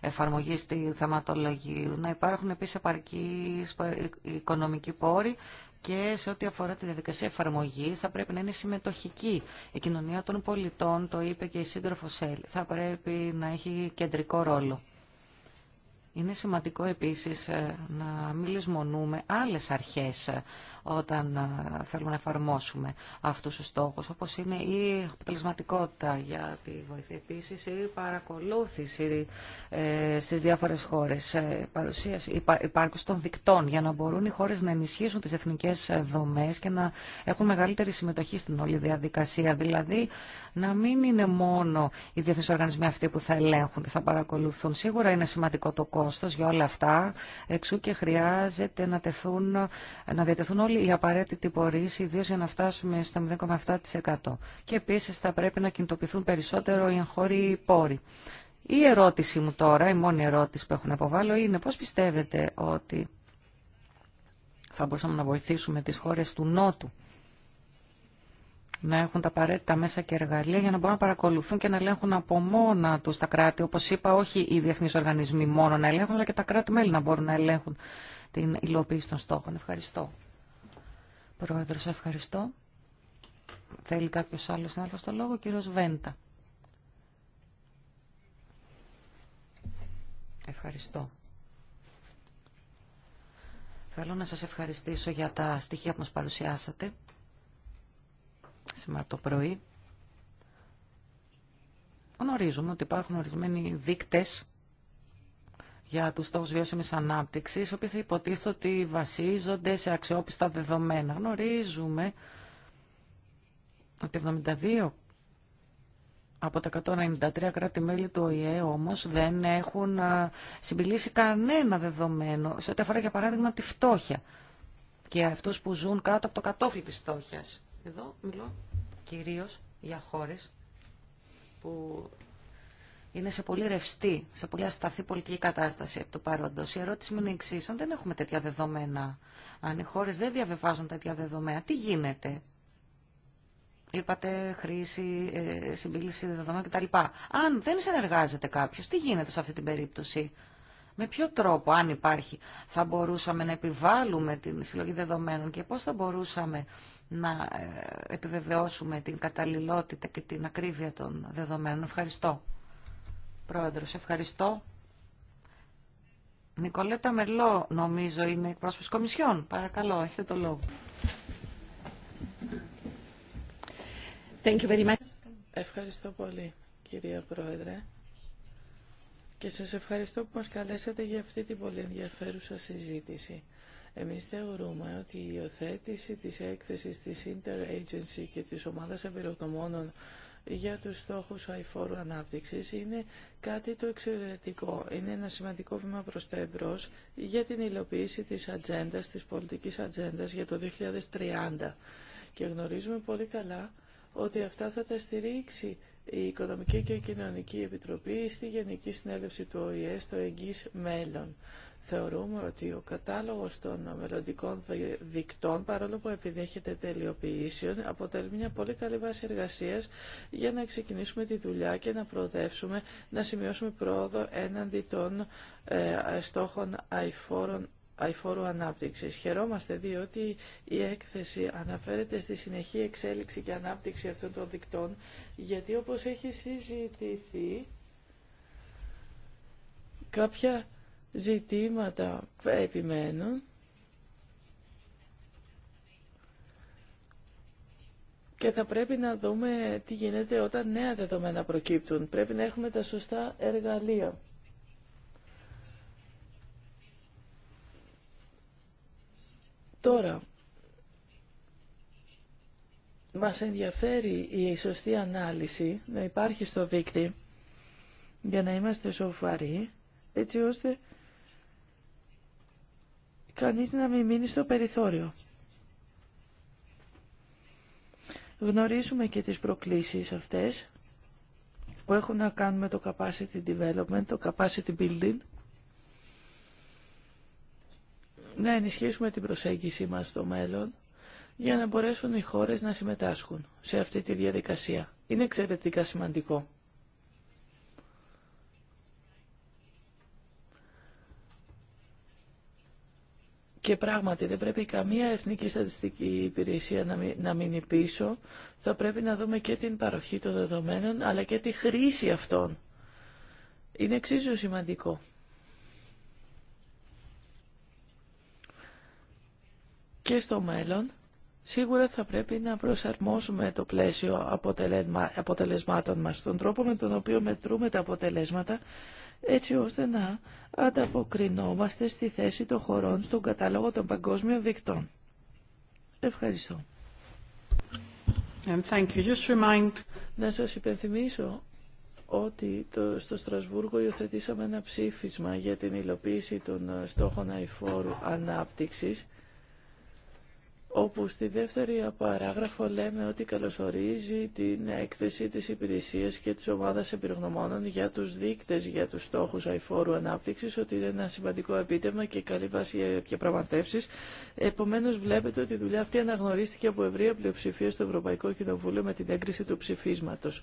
εφαρμογή στη θεματολογία, να υπάρχουν επίσης επαρκή ε, οικονομικοί πόροι και σε ό,τι αφορά τη διαδικασία εφαρμογή, θα πρέπει να είναι συμμετοχική. Η κοινωνία των πολιτών, το είπε και η σύντροφο Σέλ, θα πρέπει να έχει κεντρικό ρόλο. Είναι σημαντικό επίσης ε, να μην λησμονούμε άλλες αρχές ε, όταν ε, θέλουμε να εφαρμόσουμε αυτούς τους στόχους, όπως είναι η αποτελεσματικότητα για τη βοήθεια επίσης, η παρακολούθηση ε, στις διάφορες χώρες, ε, η παρουσίαση, των δικτών για να μπορούν οι χώρες να ενισχύσουν τις εθνικές δομές και να έχουν μεγαλύτερη συμμετοχή στην όλη διαδικασία. Δηλαδή, να μην είναι μόνο οι διεθνείς οργανισμοί αυτοί που θα ελέγχουν και θα παρακολουθούν. Σίγουρα είναι σημαντικό το κόστος για όλα αυτά, εξού και χρειάζεται να, τεθούν, να διατεθούν όλοι όλοι οι απαραίτητοι πορεί, ιδίω για να φτάσουμε στο 0,7%. Και επίση θα πρέπει να κινητοποιηθούν περισσότερο οι εγχώροι πόροι. Η ερώτηση μου τώρα, η μόνη ερώτηση που έχω να αποβάλω είναι πώς πιστεύετε ότι θα μπορούσαμε να βοηθήσουμε τις χώρες του Νότου να έχουν τα απαραίτητα μέσα και εργαλεία για να μπορούν να παρακολουθούν και να ελέγχουν από μόνα του τα κράτη. όπως είπα, όχι οι διεθνεί οργανισμοί μόνο να ελέγχουν, αλλά και τα κράτη-μέλη να μπορούν να ελέγχουν την υλοποίηση των στόχων. Ευχαριστώ. Πρόεδρος, ευχαριστώ. Θέλει κάποιο άλλο να έρθει στο λόγο, Κύριο Βέντα. Ευχαριστώ. Θέλω να σας ευχαριστήσω για τα στοιχεία που μας παρουσιάσατε σήμερα το πρωί. Γνωρίζουμε ότι υπάρχουν ορισμένοι δείκτες για τους στόχους βιώσιμης ανάπτυξης, οι οποίοι θα υποτίθεται ότι βασίζονται σε αξιόπιστα δεδομένα. Γνωρίζουμε ότι 72 από τα 193 κράτη-μέλη του ΟΗΕ όμως δεν έχουν συμπηλήσει κανένα δεδομένο σε ό,τι αφορά για παράδειγμα τη φτώχεια και αυτούς που ζουν κάτω από το κατόφλι της φτώχειας. Εδώ μιλώ κυρίως για χώρες που είναι σε πολύ ρευστή, σε πολύ ασταθή πολιτική κατάσταση από το παρόντο. Η ερώτηση μου είναι η εξή. Αν δεν έχουμε τέτοια δεδομένα, αν οι χώρε δεν διαβεβάζουν τέτοια δεδομένα, τι γίνεται. Είπατε χρήση, ε, συμπίληση δεδομένων κτλ. Αν δεν συνεργάζεται κάποιο, τι γίνεται σε αυτή την περίπτωση. Με ποιο τρόπο, αν υπάρχει, θα μπορούσαμε να επιβάλλουμε την συλλογή δεδομένων και πώς θα μπορούσαμε να ε, επιβεβαιώσουμε την καταλληλότητα και την ακρίβεια των δεδομένων. Ευχαριστώ. Πρόεδρος, ευχαριστώ. Νικολέτα Μελό, νομίζω, είναι εκπρόσωπος Κομισιόν. Παρακαλώ, έχετε το λόγο. Thank you very much. Ευχαριστώ πολύ, κυρία Πρόεδρε. Και σας ευχαριστώ που μας καλέσατε για αυτή την πολύ ενδιαφέρουσα συζήτηση. Εμείς θεωρούμε ότι η υιοθέτηση της έκθεσης της Interagency και της ομάδας εμπειρογνωμόνων για τους στόχους αηφόρου ανάπτυξης είναι κάτι το εξαιρετικό. Είναι ένα σημαντικό βήμα προς τα εμπρός για την υλοποίηση της ατζέντα, της πολιτικής ατζέντα για το 2030. Και γνωρίζουμε πολύ καλά ότι αυτά θα τα στηρίξει η Οικονομική και Κοινωνική Επιτροπή στη Γενική Συνέλευση του ΟΗΕ στο εγγύς μέλλον. Θεωρούμε ότι ο κατάλογος των μελλοντικών δικτών, παρόλο που επιδέχεται τελειοποιήσεων, αποτελεί μια πολύ καλή βάση εργασίας για να ξεκινήσουμε τη δουλειά και να προοδεύσουμε, να σημειώσουμε πρόοδο έναντι των ε, στόχων αηφόρων αηφόρου ανάπτυξης. Χαιρόμαστε διότι η έκθεση αναφέρεται στη συνεχή εξέλιξη και ανάπτυξη αυτών των δικτών, γιατί όπως έχει συζητηθεί, κάποια ζητήματα επιμένουν, Και θα πρέπει να δούμε τι γίνεται όταν νέα δεδομένα προκύπτουν. Πρέπει να έχουμε τα σωστά εργαλεία Τώρα, μας ενδιαφέρει η σωστή ανάλυση να υπάρχει στο δίκτυ για να είμαστε σοφαροί, έτσι ώστε κανείς να μην μείνει στο περιθώριο. Γνωρίζουμε και τις προκλήσεις αυτές που έχουν να κάνουν με το capacity development, το capacity building, να ενισχύσουμε την προσέγγιση μας στο μέλλον για να μπορέσουν οι χώρες να συμμετάσχουν σε αυτή τη διαδικασία. Είναι εξαιρετικά σημαντικό. Και πράγματι δεν πρέπει καμία εθνική στατιστική υπηρεσία να, μην, να μείνει πίσω. Θα πρέπει να δούμε και την παροχή των δεδομένων αλλά και τη χρήση αυτών. Είναι εξίσου σημαντικό. και στο μέλλον σίγουρα θα πρέπει να προσαρμόσουμε το πλαίσιο αποτελεσμάτων μας, τον τρόπο με τον οποίο μετρούμε τα αποτελέσματα, έτσι ώστε να ανταποκρινόμαστε στη θέση των χωρών στον κατάλογο των παγκόσμιων δικτών. Ευχαριστώ. thank Να σας υπενθυμίσω ότι το, στο Στρασβούργο υιοθετήσαμε ένα ψήφισμα για την υλοποίηση των ε, στόχων αηφόρου ανάπτυξης όπου στη δεύτερη παράγραφο λέμε ότι καλωσορίζει την έκθεση της υπηρεσίας και της ομάδας εμπειρογνωμόνων για τους δείκτες για τους στόχους αηφόρου ανάπτυξης, ότι είναι ένα σημαντικό επίτευγμα και καλή βάση για διαπραγματεύσεις. Επομένως βλέπετε ότι η δουλειά αυτή αναγνωρίστηκε από ευρεία πλειοψηφία στο Ευρωπαϊκό Κοινοβούλιο με την έγκριση του ψηφίσματος.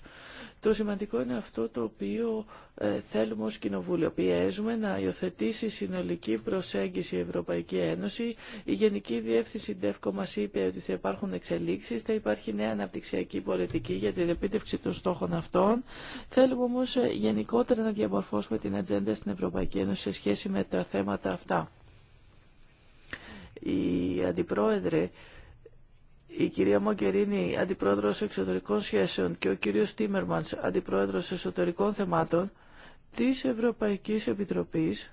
Το σημαντικό είναι αυτό το οποίο ε, θέλουμε ως Κοινοβούλιο. Πιέζουμε να υιοθετήσει συνολική προσέγγιση η Ευρωπαϊκή Ένωση, η Γενική Διεύθυνση DEFCO μα είπε ότι θα υπάρχουν εξελίξεις, θα υπάρχει νέα αναπτυξιακή πολιτική για την επίτευξη των στόχων αυτών. Θέλουμε όμως γενικότερα να διαμορφώσουμε την ατζέντα στην Ευρωπαϊκή Ένωση σε σχέση με τα θέματα αυτά. Η Αντιπρόεδρε η κυρία Μογκερίνη, αντιπρόεδρος εξωτερικών σχέσεων και ο κύριος Τίμερμαντς, αντιπρόεδρος εσωτερικών θεμάτων της Ευρωπαϊκής Επιτροπής,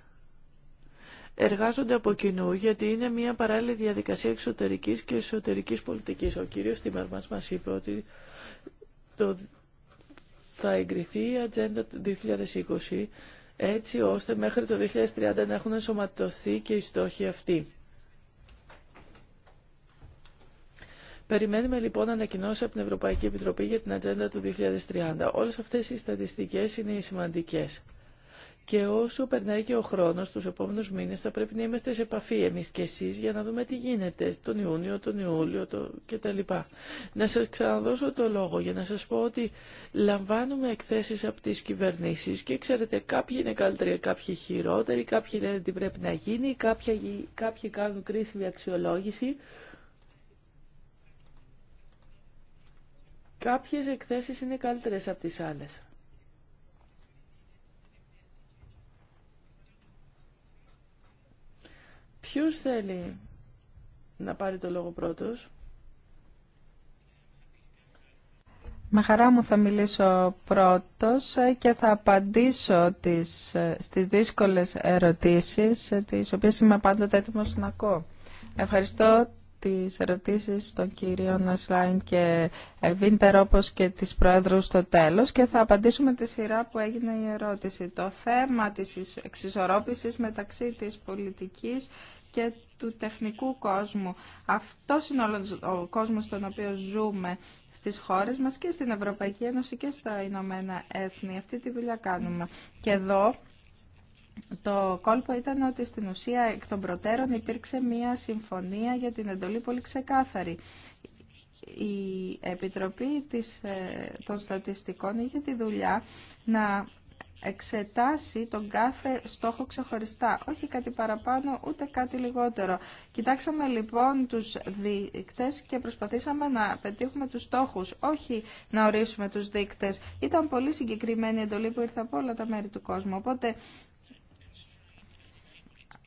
εργάζονται από κοινού γιατί είναι μια παράλληλη διαδικασία εξωτερικής και εσωτερικής πολιτικής. Ο κύριο Τίμερ μα είπε ότι το θα εγκριθεί η Ατζέντα 2020 έτσι ώστε μέχρι το 2030 να έχουν ενσωματωθεί και οι στόχοι αυτοί. Περιμένουμε λοιπόν ανακοινώσει από την Ευρωπαϊκή Επιτροπή για την Ατζέντα του 2030. Όλε αυτέ οι στατιστικέ είναι οι σημαντικές. Και όσο περνάει και ο χρόνο, του επόμενου μήνε θα πρέπει να είμαστε σε επαφή εμεί και εσεί για να δούμε τι γίνεται τον Ιούνιο, τον Ιούλιο το... κτλ. Να σα ξαναδώσω το λόγο για να σα πω ότι λαμβάνουμε εκθέσει από τι κυβερνήσει και ξέρετε, κάποιοι είναι καλύτεροι, κάποιοι χειρότεροι, κάποιοι λένε τι πρέπει να γίνει, κάποιοι, κάποιοι κάνουν κρίσιμη αξιολόγηση. Κάποιες εκθέσεις είναι καλύτερες από τις άλλες. Ποιος θέλει να πάρει το λόγο πρώτος. Με χαρά μου θα μιλήσω πρώτος και θα απαντήσω τις, στις δύσκολες ερωτήσεις τις οποίες είμαι πάντοτε έτοιμος να ακούω. Ευχαριστώ τις ερωτήσεις των κυρίων Ασλάιν και Βίντερ όπως και της Προέδρου στο τέλος και θα απαντήσουμε τη σειρά που έγινε η ερώτηση. Το θέμα της εξισορρόπησης μεταξύ της πολιτικής και του τεχνικού κόσμου. Αυτό είναι ο κόσμος στον οποίο ζούμε στις χώρες μας και στην Ευρωπαϊκή Ένωση και στα Ηνωμένα Έθνη. Αυτή τη δουλειά κάνουμε. Και εδώ το κόλπο ήταν ότι στην ουσία εκ των προτέρων υπήρξε μια συμφωνία για την εντολή πολύ ξεκάθαρη. Η Επιτροπή ε, των Στατιστικών είχε τη δουλειά να εξετάσει τον κάθε στόχο ξεχωριστά, όχι κάτι παραπάνω ούτε κάτι λιγότερο. Κοιτάξαμε λοιπόν τους δείκτες και προσπαθήσαμε να πετύχουμε τους στόχους, όχι να ορίσουμε τους δείκτες. Ήταν πολύ συγκεκριμένη εντολή που ήρθε από όλα τα μέρη του κόσμου, οπότε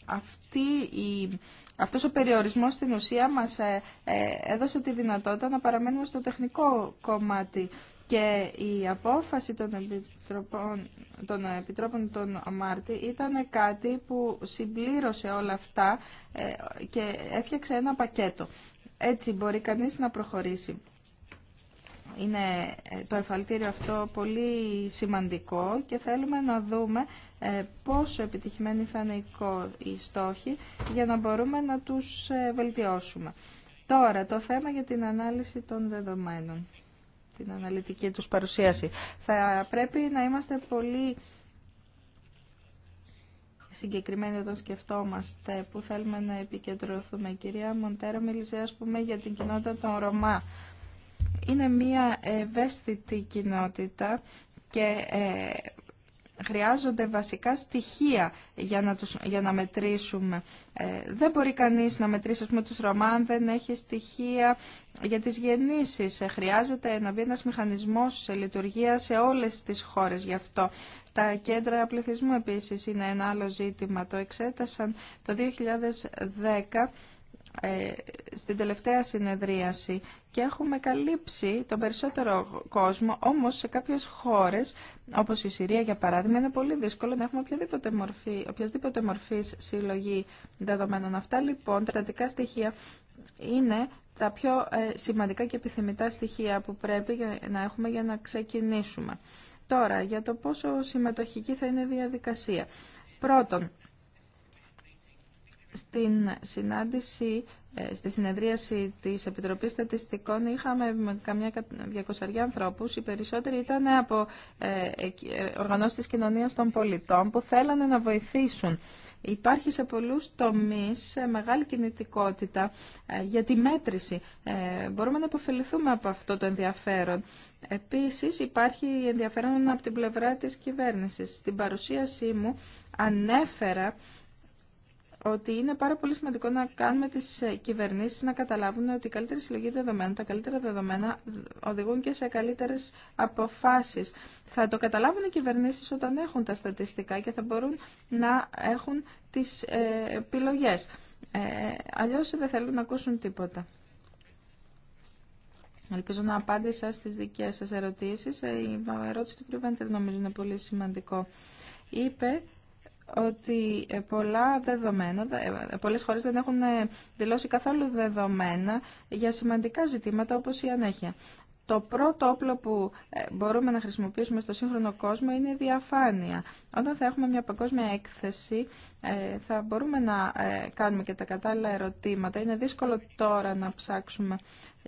αυτή η, αυτός ο περιορισμός στην ουσία μας ε, ε, έδωσε τη δυνατότητα να παραμένουμε στο τεχνικό κομμάτι και η απόφαση των επιτροπών, των επιτρόπων τον Μάρτη ήταν κάτι που συμπλήρωσε όλα αυτά ε, και έφτιαξε ένα πακέτο. Έτσι μπορεί κανείς να προχωρήσει είναι ε, το εφαλτήριο αυτό πολύ σημαντικό και θέλουμε να δούμε ε, πόσο επιτυχημένοι θα είναι οι στόχοι για να μπορούμε να τους ε, βελτιώσουμε. Τώρα, το θέμα για την ανάλυση των δεδομένων, την αναλυτική τους παρουσίαση. Θα πρέπει να είμαστε πολύ συγκεκριμένοι όταν σκεφτόμαστε που θέλουμε να επικεντρωθούμε. Η κυρία Μοντέρα μίλησε, πούμε, για την κοινότητα των Ρωμά είναι μια ευαίσθητη κοινότητα και ε, χρειάζονται βασικά στοιχεία για να, τους, για να μετρήσουμε. Ε, δεν μπορεί κανείς να μετρήσει με τους Ρωμά αν δεν έχει στοιχεία για τις γεννήσεις. Ε, χρειάζεται να μπει ένας μηχανισμός σε λειτουργία σε όλες τις χώρες γι' αυτό. Τα κέντρα πληθυσμού επίσης είναι ένα άλλο ζήτημα. Το εξέτασαν το 2010 ε, στην τελευταία συνεδρίαση και έχουμε καλύψει τον περισσότερο κόσμο, όμως σε κάποιες χώρες, όπως η Συρία για παράδειγμα, είναι πολύ δύσκολο να έχουμε οποιαδήποτε μορφή, οποιασδήποτε μορφής συλλογή δεδομένων. Αυτά λοιπόν τα στατικά στοιχεία είναι τα πιο ε, σημαντικά και επιθυμητά στοιχεία που πρέπει να έχουμε για να ξεκινήσουμε. Τώρα, για το πόσο συμμετοχική θα είναι η διαδικασία. Πρώτον, στην συνάντηση, ε, στη συνεδρίαση της Επιτροπής Στατιστικών είχαμε καμιά διακοσαριά ανθρώπους. Οι περισσότεροι ήταν από ε, ε, οργανώσεις της κοινωνίας των πολιτών που θέλανε να βοηθήσουν. Υπάρχει σε πολλούς τομείς μεγάλη κινητικότητα για τη μέτρηση. Μπορούμε να υποφεληθούμε από αυτό το ενδιαφέρον. Επίσης υπάρχει ενδιαφέρον από την πλευρά της κυβέρνησης. Στην παρουσίασή μου ανέφερα ότι είναι πάρα πολύ σημαντικό να κάνουμε τις ε, κυβερνήσει να καταλάβουν ότι η καλύτερη συλλογή δεδομένων, τα καλύτερα δεδομένα οδηγούν και σε καλύτερες αποφάσεις. Θα το καταλάβουν οι κυβερνήσει όταν έχουν τα στατιστικά και θα μπορούν να έχουν τις ε, επιλογές. Ε, αλλιώς δεν θέλουν να ακούσουν τίποτα. Ελπίζω να απάντησα στις δικέ σα ερωτήσει. Η ερώτηση του κ. νομίζω είναι πολύ σημαντικό. Είπε ότι ε, πολλά δεδομένα, ε, πολλές χώρες δεν έχουν ε, δηλώσει καθόλου δεδομένα για σημαντικά ζητήματα όπως η ανέχεια. Το πρώτο όπλο που μπορούμε να χρησιμοποιήσουμε στο σύγχρονο κόσμο είναι η διαφάνεια. Όταν θα έχουμε μια παγκόσμια έκθεση θα μπορούμε να κάνουμε και τα κατάλληλα ερωτήματα. Είναι δύσκολο τώρα να ψάξουμε.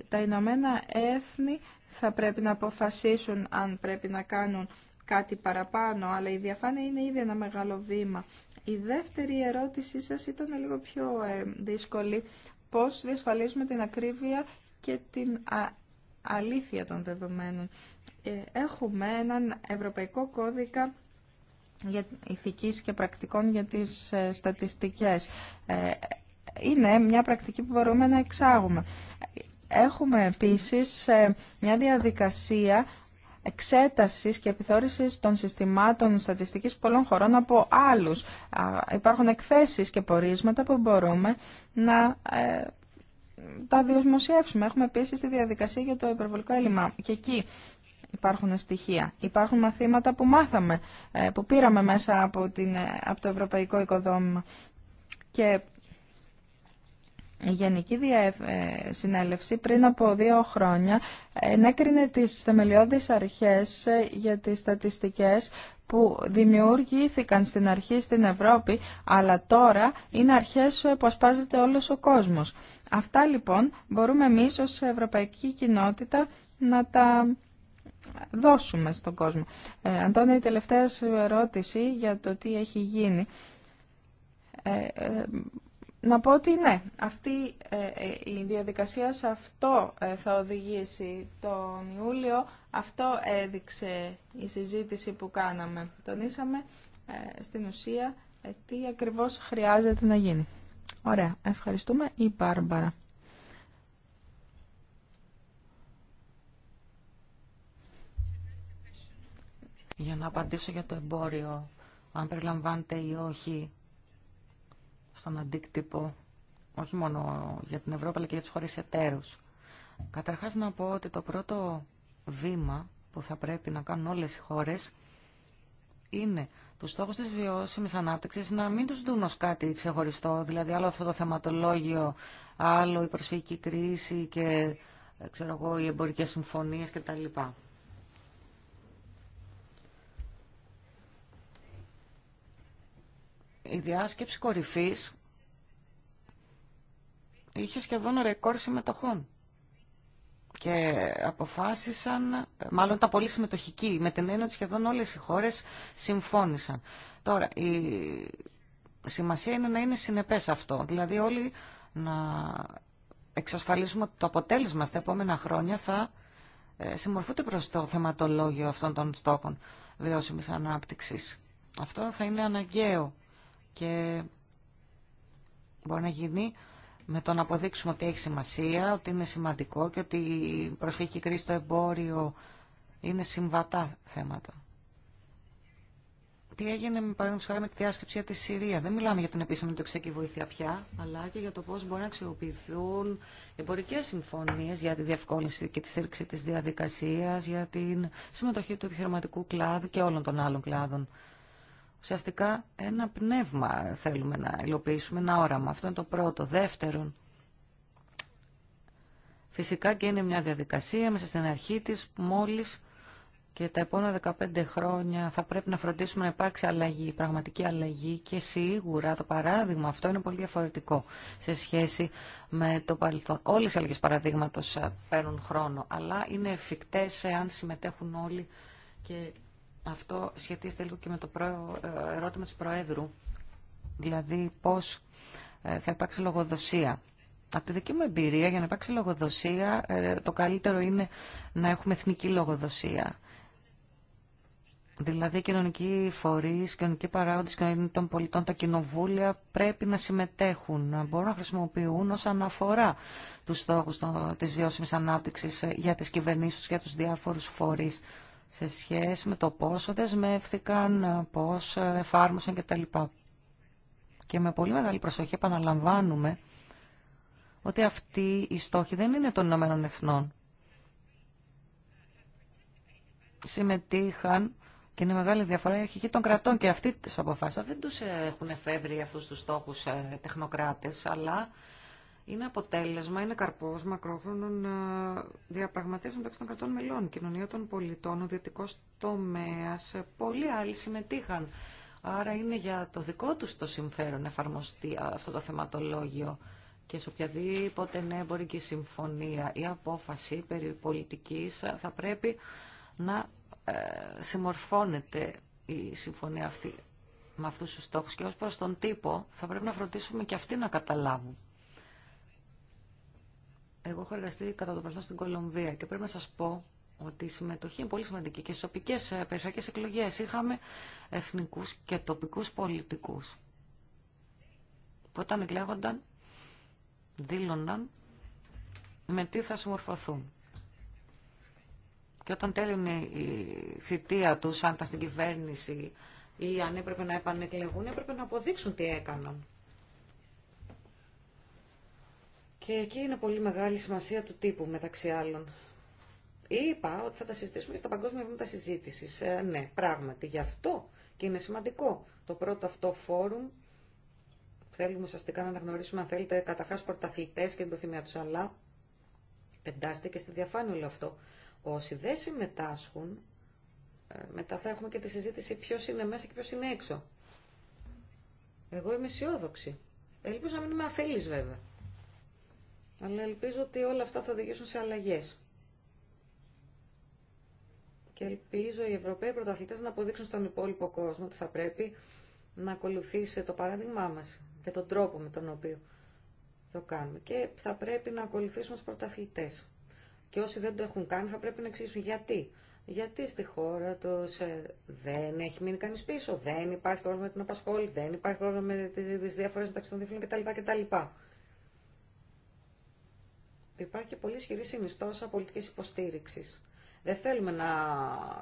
Τα Ηνωμένα Έθνη θα πρέπει να αποφασίσουν αν πρέπει να κάνουν κάτι παραπάνω, αλλά η διαφάνεια είναι ήδη ένα μεγάλο βήμα. Η δεύτερη ερώτησή σας ήταν λίγο πιο ε, δύσκολη. Πώς διασφαλίζουμε την ακρίβεια και την αλήθεια των δεδομένων. Ε, έχουμε έναν ευρωπαϊκό κώδικα για ηθικής και πρακτικών για τις ε, στατιστικές. Είναι μια πρακτική που μπορούμε να εξάγουμε. Έχουμε επίσης μια διαδικασία εξέτασης και επιθόρηση των συστημάτων στατιστικής πολλών χωρών από άλλους. Υπάρχουν εκθέσεις και πορίσματα που μπορούμε να ε, τα δημοσιεύσουμε. Έχουμε επίση τη διαδικασία για το υπερβολικό έλλειμμα και εκεί υπάρχουν στοιχεία. Υπάρχουν μαθήματα που μάθαμε, ε, που πήραμε μέσα από, την, ε, από το ευρωπαϊκό οικοδόμημα. Και η Γενική ε, Συνέλευση πριν από δύο χρόνια ενέκρινε τις θεμελιώδεις αρχές ε, για τις στατιστικές που δημιουργήθηκαν στην αρχή στην Ευρώπη, αλλά τώρα είναι αρχές που ασπάζεται όλος ο κόσμος. Αυτά λοιπόν μπορούμε εμείς ως Ευρωπαϊκή Κοινότητα να τα δώσουμε στον κόσμο. Ε, Αντώνη, η τελευταία ερώτηση για το τι έχει γίνει. Ε, να πω ότι ναι, αυτή ε, ε, η διαδικασία σε αυτό ε, θα οδηγήσει τον Ιούλιο. Αυτό έδειξε η συζήτηση που κάναμε. Τονίσαμε στην ουσία τι ακριβώς χρειάζεται να γίνει. Ωραία, ευχαριστούμε η Μπάρμπαρα. Για να απαντήσω για το εμπόριο, αν περιλαμβάνεται ή όχι στον αντίκτυπο όχι μόνο για την Ευρώπη αλλά και για τις χώρες εταίρους. Καταρχάς να πω ότι το πρώτο βήμα που θα πρέπει να κάνουν όλες οι χώρες είναι τους στόχους της βιώσιμης ανάπτυξης να μην τους δουν ως κάτι ξεχωριστό, δηλαδή άλλο αυτό το θεματολόγιο, άλλο η προσφυγική κρίση και ξέρω εγώ, οι εμπορικές συμφωνίες κτλ. η διάσκεψη κορυφής είχε σχεδόν ρεκόρ συμμετοχών. Και αποφάσισαν, μάλλον ήταν πολύ συμμετοχική, με την έννοια ότι σχεδόν όλες οι χώρες συμφώνησαν. Τώρα, η σημασία είναι να είναι συνεπές αυτό, δηλαδή όλοι να εξασφαλίσουμε ότι το αποτέλεσμα στα επόμενα χρόνια θα ε, συμμορφούνται προς το θεματολόγιο αυτών των στόχων βιώσιμης ανάπτυξης. Αυτό θα είναι αναγκαίο και μπορεί να γίνει με το να αποδείξουμε ότι έχει σημασία, ότι είναι σημαντικό και ότι η προσφυγική κρίση στο εμπόριο είναι συμβατά θέματα. Τι έγινε με παράδειγμα χάρη με τη διάσκεψη για τη Συρία. Δεν μιλάμε για την επίσημη τοξική βοήθεια πια, αλλά και για το πώ μπορεί να αξιοποιηθούν εμπορικέ συμφωνίε για τη διευκόλυνση και τη στήριξη τη διαδικασία, για την συμμετοχή του επιχειρηματικού κλάδου και όλων των άλλων κλάδων. Ουσιαστικά ένα πνεύμα θέλουμε να υλοποιήσουμε, ένα όραμα. Αυτό είναι το πρώτο. Δεύτερον, φυσικά και είναι μια διαδικασία μέσα στην αρχή της μόλις και τα επόμενα 15 χρόνια θα πρέπει να φροντίσουμε να υπάρξει αλλαγή, πραγματική αλλαγή και σίγουρα το παράδειγμα αυτό είναι πολύ διαφορετικό σε σχέση με το παρελθόν. Όλες οι αλλαγές παραδείγματος ε, παίρνουν χρόνο, αλλά είναι εφικτές εάν συμμετέχουν όλοι και αυτό σχετίζεται λίγο και με το ε, ερώτημα της Προέδρου, δηλαδή πώς ε, θα υπάρξει λογοδοσία. Από τη δική μου εμπειρία, για να υπάρξει λογοδοσία, ε, το καλύτερο είναι να έχουμε εθνική λογοδοσία. Δηλαδή, οι κοινωνικοί φορεί, κοινωνικοί παράγοντε, κοινωνικοί των πολιτών, τα κοινοβούλια πρέπει να συμμετέχουν, να μπορούν να χρησιμοποιούν ω αναφορά του στόχου τη βιώσιμη ανάπτυξη για τι κυβερνήσει, για του διάφορου φορεί σε σχέση με το πόσο δεσμεύτηκαν, πώς εφάρμοσαν κτλ. Και με πολύ μεγάλη προσοχή επαναλαμβάνουμε ότι αυτοί οι στόχοι δεν είναι των Ηνωμένων Εθνών. Συμμετείχαν και είναι μεγάλη διαφορά η αρχική των κρατών και αυτή τη αποφάσεις. Δεν τους έχουν εφεύρει αυτούς τους στόχους ε, τεχνοκράτες, αλλά είναι αποτέλεσμα, είναι καρπός μακρόχρονων ε, διαπραγματεύσεων μεταξύ των κρατών μελών, κοινωνία των πολιτών, ο ιδιωτικός τομέας, ε, πολλοί άλλοι συμμετείχαν. Άρα είναι για το δικό τους το συμφέρον να εφαρμοστεί αυτό το θεματολόγιο και σε οποιαδήποτε ναι εμπορική συμφωνία ή απόφαση περί πολιτικής ε, θα πρέπει να συμμορφώνεται η συμφωνία αυτή με αυτούς τους στόχους και ως προς τον τύπο θα πρέπει να φροντίσουμε και αυτοί να καταλάβουν εγώ έχω εργαστεί κατά το παρελθόν στην Κολομβία και πρέπει να σα πω ότι η συμμετοχή είναι πολύ σημαντική και στι τοπικέ ε, περιφερειακέ εκλογέ. είχαμε εθνικού και τοπικού πολιτικού. που όταν εκλέγονταν δήλωναν με τι θα συμμορφωθούν. Και όταν τέλειωνε η θητεία του αν ήταν στην κυβέρνηση ή αν έπρεπε να επανεκλεγούν, έπρεπε να αποδείξουν τι έκαναν. Και εκεί είναι πολύ μεγάλη σημασία του τύπου μεταξύ άλλων. Είπα ότι θα τα συζητήσουμε στα παγκόσμια βήματα συζήτηση. Ε, ναι, πράγματι, γι' αυτό και είναι σημαντικό. Το πρώτο αυτό φόρουμ θέλουμε ουσιαστικά να αναγνωρίσουμε, αν θέλετε, καταρχά πρωταθλητέ και την προθυμία του, αλλά εντάσσεται και στη διαφάνεια όλο αυτό. Όσοι δεν συμμετάσχουν, ε, μετά θα έχουμε και τη συζήτηση ποιο είναι μέσα και ποιο είναι έξω. Εγώ είμαι αισιόδοξη. Ελπίζω να μην είμαι αφέλη βέβαια. Αλλά ελπίζω ότι όλα αυτά θα οδηγήσουν σε αλλαγές. Και ελπίζω οι Ευρωπαίοι πρωταθλητές να αποδείξουν στον υπόλοιπο κόσμο ότι θα πρέπει να ακολουθήσει το παράδειγμά μας και τον τρόπο με τον οποίο το κάνουμε. Και θα πρέπει να ακολουθήσουμε τους πρωταθλητές. Και όσοι δεν το έχουν κάνει θα πρέπει να εξηγήσουν γιατί. Γιατί στη χώρα του ε, δεν έχει μείνει κανεί πίσω, δεν υπάρχει πρόβλημα με την απασχόληση, δεν υπάρχει πρόβλημα με τι διαφορέ μεταξύ των δίφυλων κτλ υπάρχει πολύ ισχυρή συνιστόσα πολιτική υποστήριξης. Δεν θέλουμε να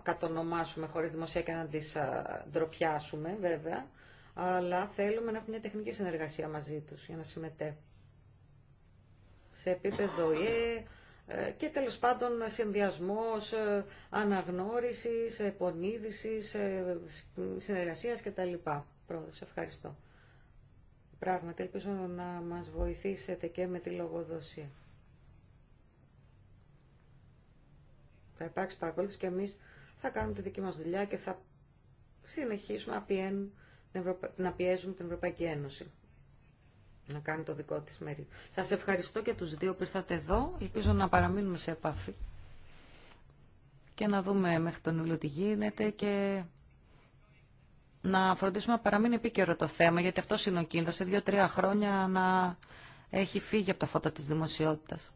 κατονομάσουμε χωρίς δημοσία και να τις ντροπιάσουμε βέβαια, αλλά θέλουμε να έχουμε μια τεχνική συνεργασία μαζί τους για να συμμετέχουν. Σε επίπεδο ΙΕ ε, και τέλο πάντων συνδυασμό ε, αναγνώριση, επονίδηση, ε, συνεργασίας κτλ. ευχαριστώ. Πράγματι, ελπίζω να μας βοηθήσετε και με τη λογοδοσία. θα υπάρξει παρακολούθηση και εμείς θα κάνουμε τη δική μας δουλειά και θα συνεχίσουμε να, να πιέζουμε την Ευρωπαϊκή Ένωση να κάνει το δικό της μέρη. Σας ευχαριστώ και τους δύο που ήρθατε εδώ. Ελπίζω να παραμείνουμε σε επαφή και να δούμε μέχρι τον Ιούλιο τι γίνεται και να φροντίσουμε να παραμείνει επίκαιρο το θέμα, γιατί αυτό είναι ο κίνδυνος σε δύο-τρία χρόνια να έχει φύγει από τα φώτα της δημοσιότητας.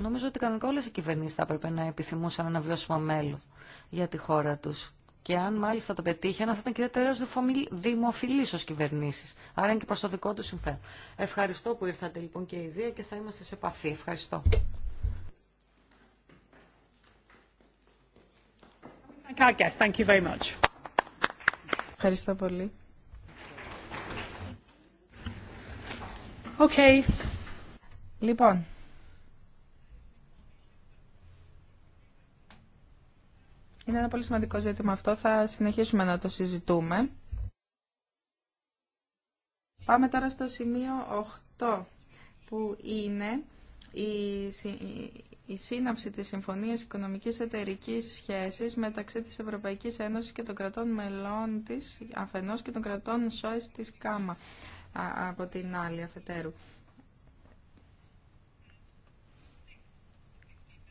Νομίζω ότι κανονικά όλε οι κυβερνήσει θα έπρεπε να επιθυμούσαν ένα βιώσιμο μέλλον για τη χώρα τους. Και αν μάλιστα το πετύχαιναν, θα ήταν και ιδιαίτερω δημοφιλεί ω κυβερνήσει. Άρα είναι και προ το δικό του συμφέρον. Ευχαριστώ που ήρθατε λοιπόν και οι δύο και θα είμαστε σε επαφή. Ευχαριστώ. Ευχαριστώ πολύ. Okay. Λοιπόν, Είναι ένα πολύ σημαντικό ζήτημα αυτό. Θα συνεχίσουμε να το συζητούμε. Πάμε τώρα στο σημείο 8 που είναι η σύναψη της Συμφωνίας Οικονομικής Εταιρικής Σχέσης μεταξύ της Ευρωπαϊκής Ένωσης και των κρατών μελών της αφενός και των κρατών ΣΟΕΣ της ΚΑΜΑ από την άλλη αφετέρου.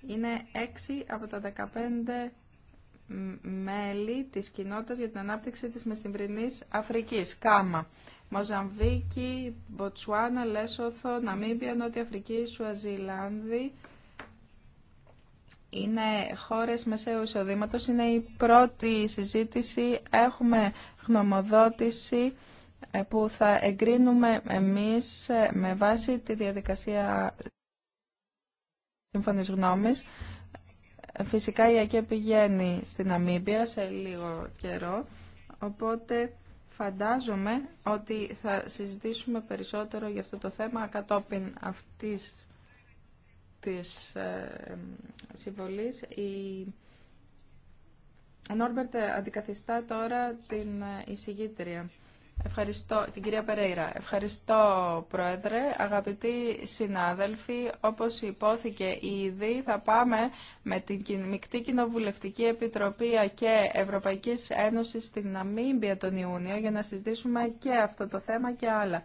Είναι 6 από τα 15 μέλη της κοινότητας για την ανάπτυξη της Μεσημβρινής Αφρικής, ΚΑΜΑ. Μοζαμβίκη, Μποτσουάνα, Λέσοθο, Ναμίμπια, Νότια Αφρική, Σουαζιλάνδη. Είναι χώρες μεσαίου εισοδήματος. Είναι η πρώτη συζήτηση. Έχουμε γνωμοδότηση ε, που θα εγκρίνουμε εμείς ε, με βάση τη διαδικασία σύμφωνης γνώμης. Φυσικά η ΑΚΕ πηγαίνει στην Αμήμπια σε λίγο καιρό, οπότε φαντάζομαι ότι θα συζητήσουμε περισσότερο για αυτό το θέμα κατόπιν αυτής της ε, συμβολής. Η Νόρμπερτ αντικαθιστά τώρα την ε, εισηγήτρια. Ευχαριστώ, την κυρία Περέιρα. Ευχαριστώ, Πρόεδρε. Αγαπητοί συνάδελφοι, όπως υπόθηκε ήδη, θα πάμε με την Μικτή Κοινοβουλευτική Επιτροπή και Ευρωπαϊκής Ένωσης στην Ναμίμπια τον Ιούνιο για να συζητήσουμε και αυτό το θέμα και άλλα.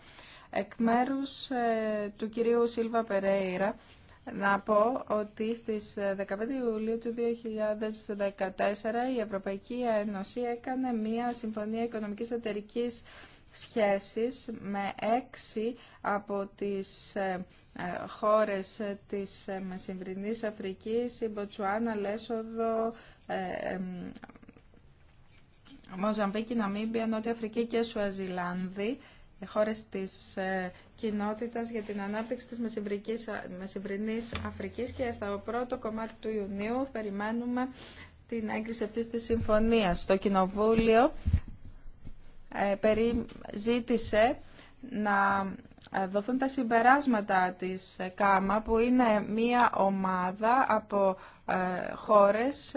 Εκ μέρους ε, του κυρίου Σίλβα Περέιρα, να πω ότι στις 15 ε, Ιουλίου του 2014 η Ευρωπαϊκή Ένωση έκανε μια συμφωνία οικονομικής εταιρικής σχέσεις με έξι από τις ε, ε, χώρες της Μεσημβρινής Αφρικής, η Μποτσουάνα, Λέσοδο, Μοζαμπίκη, Ναμίμπια, Νότια Αφρική και Σουαζιλάνδη ε, χώρες της ε, κοινότητας για την ανάπτυξη της ε, Μεσημβρινής Αφρικής και στο πρώτο κομμάτι του Ιουνίου περιμένουμε την έγκριση αυτής της συμφωνίας. Το Κοινοβούλιο ζήτησε να δοθούν τα συμπεράσματα της ΚΑΜΑ που είναι μία ομάδα από χώρες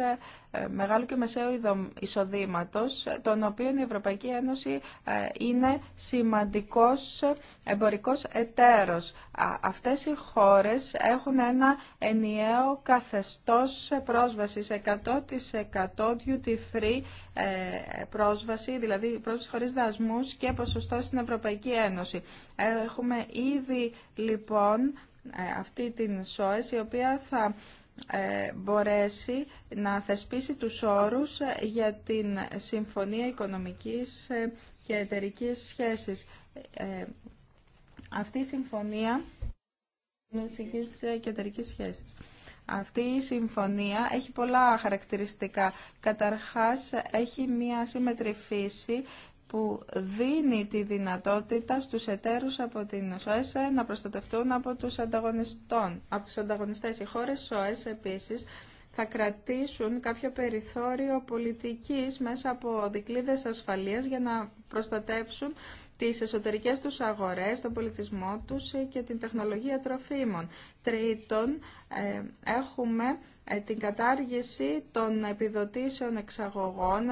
ε, μεγάλου και μεσαίου εισοδήματος, τον οποίο η Ευρωπαϊκή Ένωση ε, είναι σημαντικός εμπορικός εταίρος. Αυτές οι χώρες έχουν ένα ενιαίο καθεστώς πρόσβασης 100% duty free πρόσβαση, δηλαδή πρόσβαση χωρίς δασμούς και ποσοστό στην Ευρωπαϊκή Ένωση. Έχουμε ήδη λοιπόν ε, αυτή την ΣΟΕΣ η οποία θα ε, μπορέσει να θεσπίσει τους όρους ε, για την Συμφωνία Οικονομικής ε, και Εταιρικής Σχέσης. Αυτή η Συμφωνία και Σχέσης. Αυτή η συμφωνία έχει πολλά χαρακτηριστικά. Καταρχάς, έχει μία σύμμετρη που δίνει τη δυνατότητα στους εταίρους από την ΣΟΕΣ να προστατευτούν από τους, ανταγωνιστών. από τους ανταγωνιστές. Οι χώρες ΣΟΕΣ επίσης θα κρατήσουν κάποιο περιθώριο πολιτικής μέσα από δικλείδες ασφαλείας για να προστατέψουν τις εσωτερικές τους αγορές, τον πολιτισμό τους και την τεχνολογία τροφίμων. Τρίτον, ε, έχουμε ε, την κατάργηση των επιδοτήσεων εξαγωγών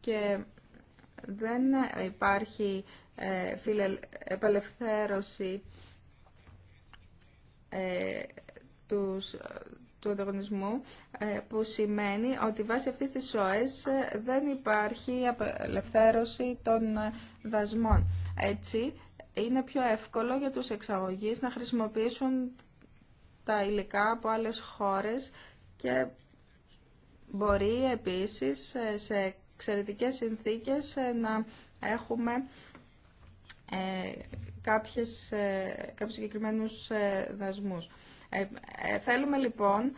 και δεν υπάρχει απελευθέρωση ε, ε, του ανταγωνισμού ε, που σημαίνει ότι βάσει αυτής της ΣΟΕΣ δεν υπάρχει απελευθέρωση των δασμών. Έτσι είναι πιο εύκολο για τους εξαγωγείς να χρησιμοποιήσουν τα υλικά από άλλες χώρες και μπορεί επίσης σε εξαιρετικές συνθήκες ε, να έχουμε ε, κάποιες, ε, ε δασμούς. Ε, θέλουμε λοιπόν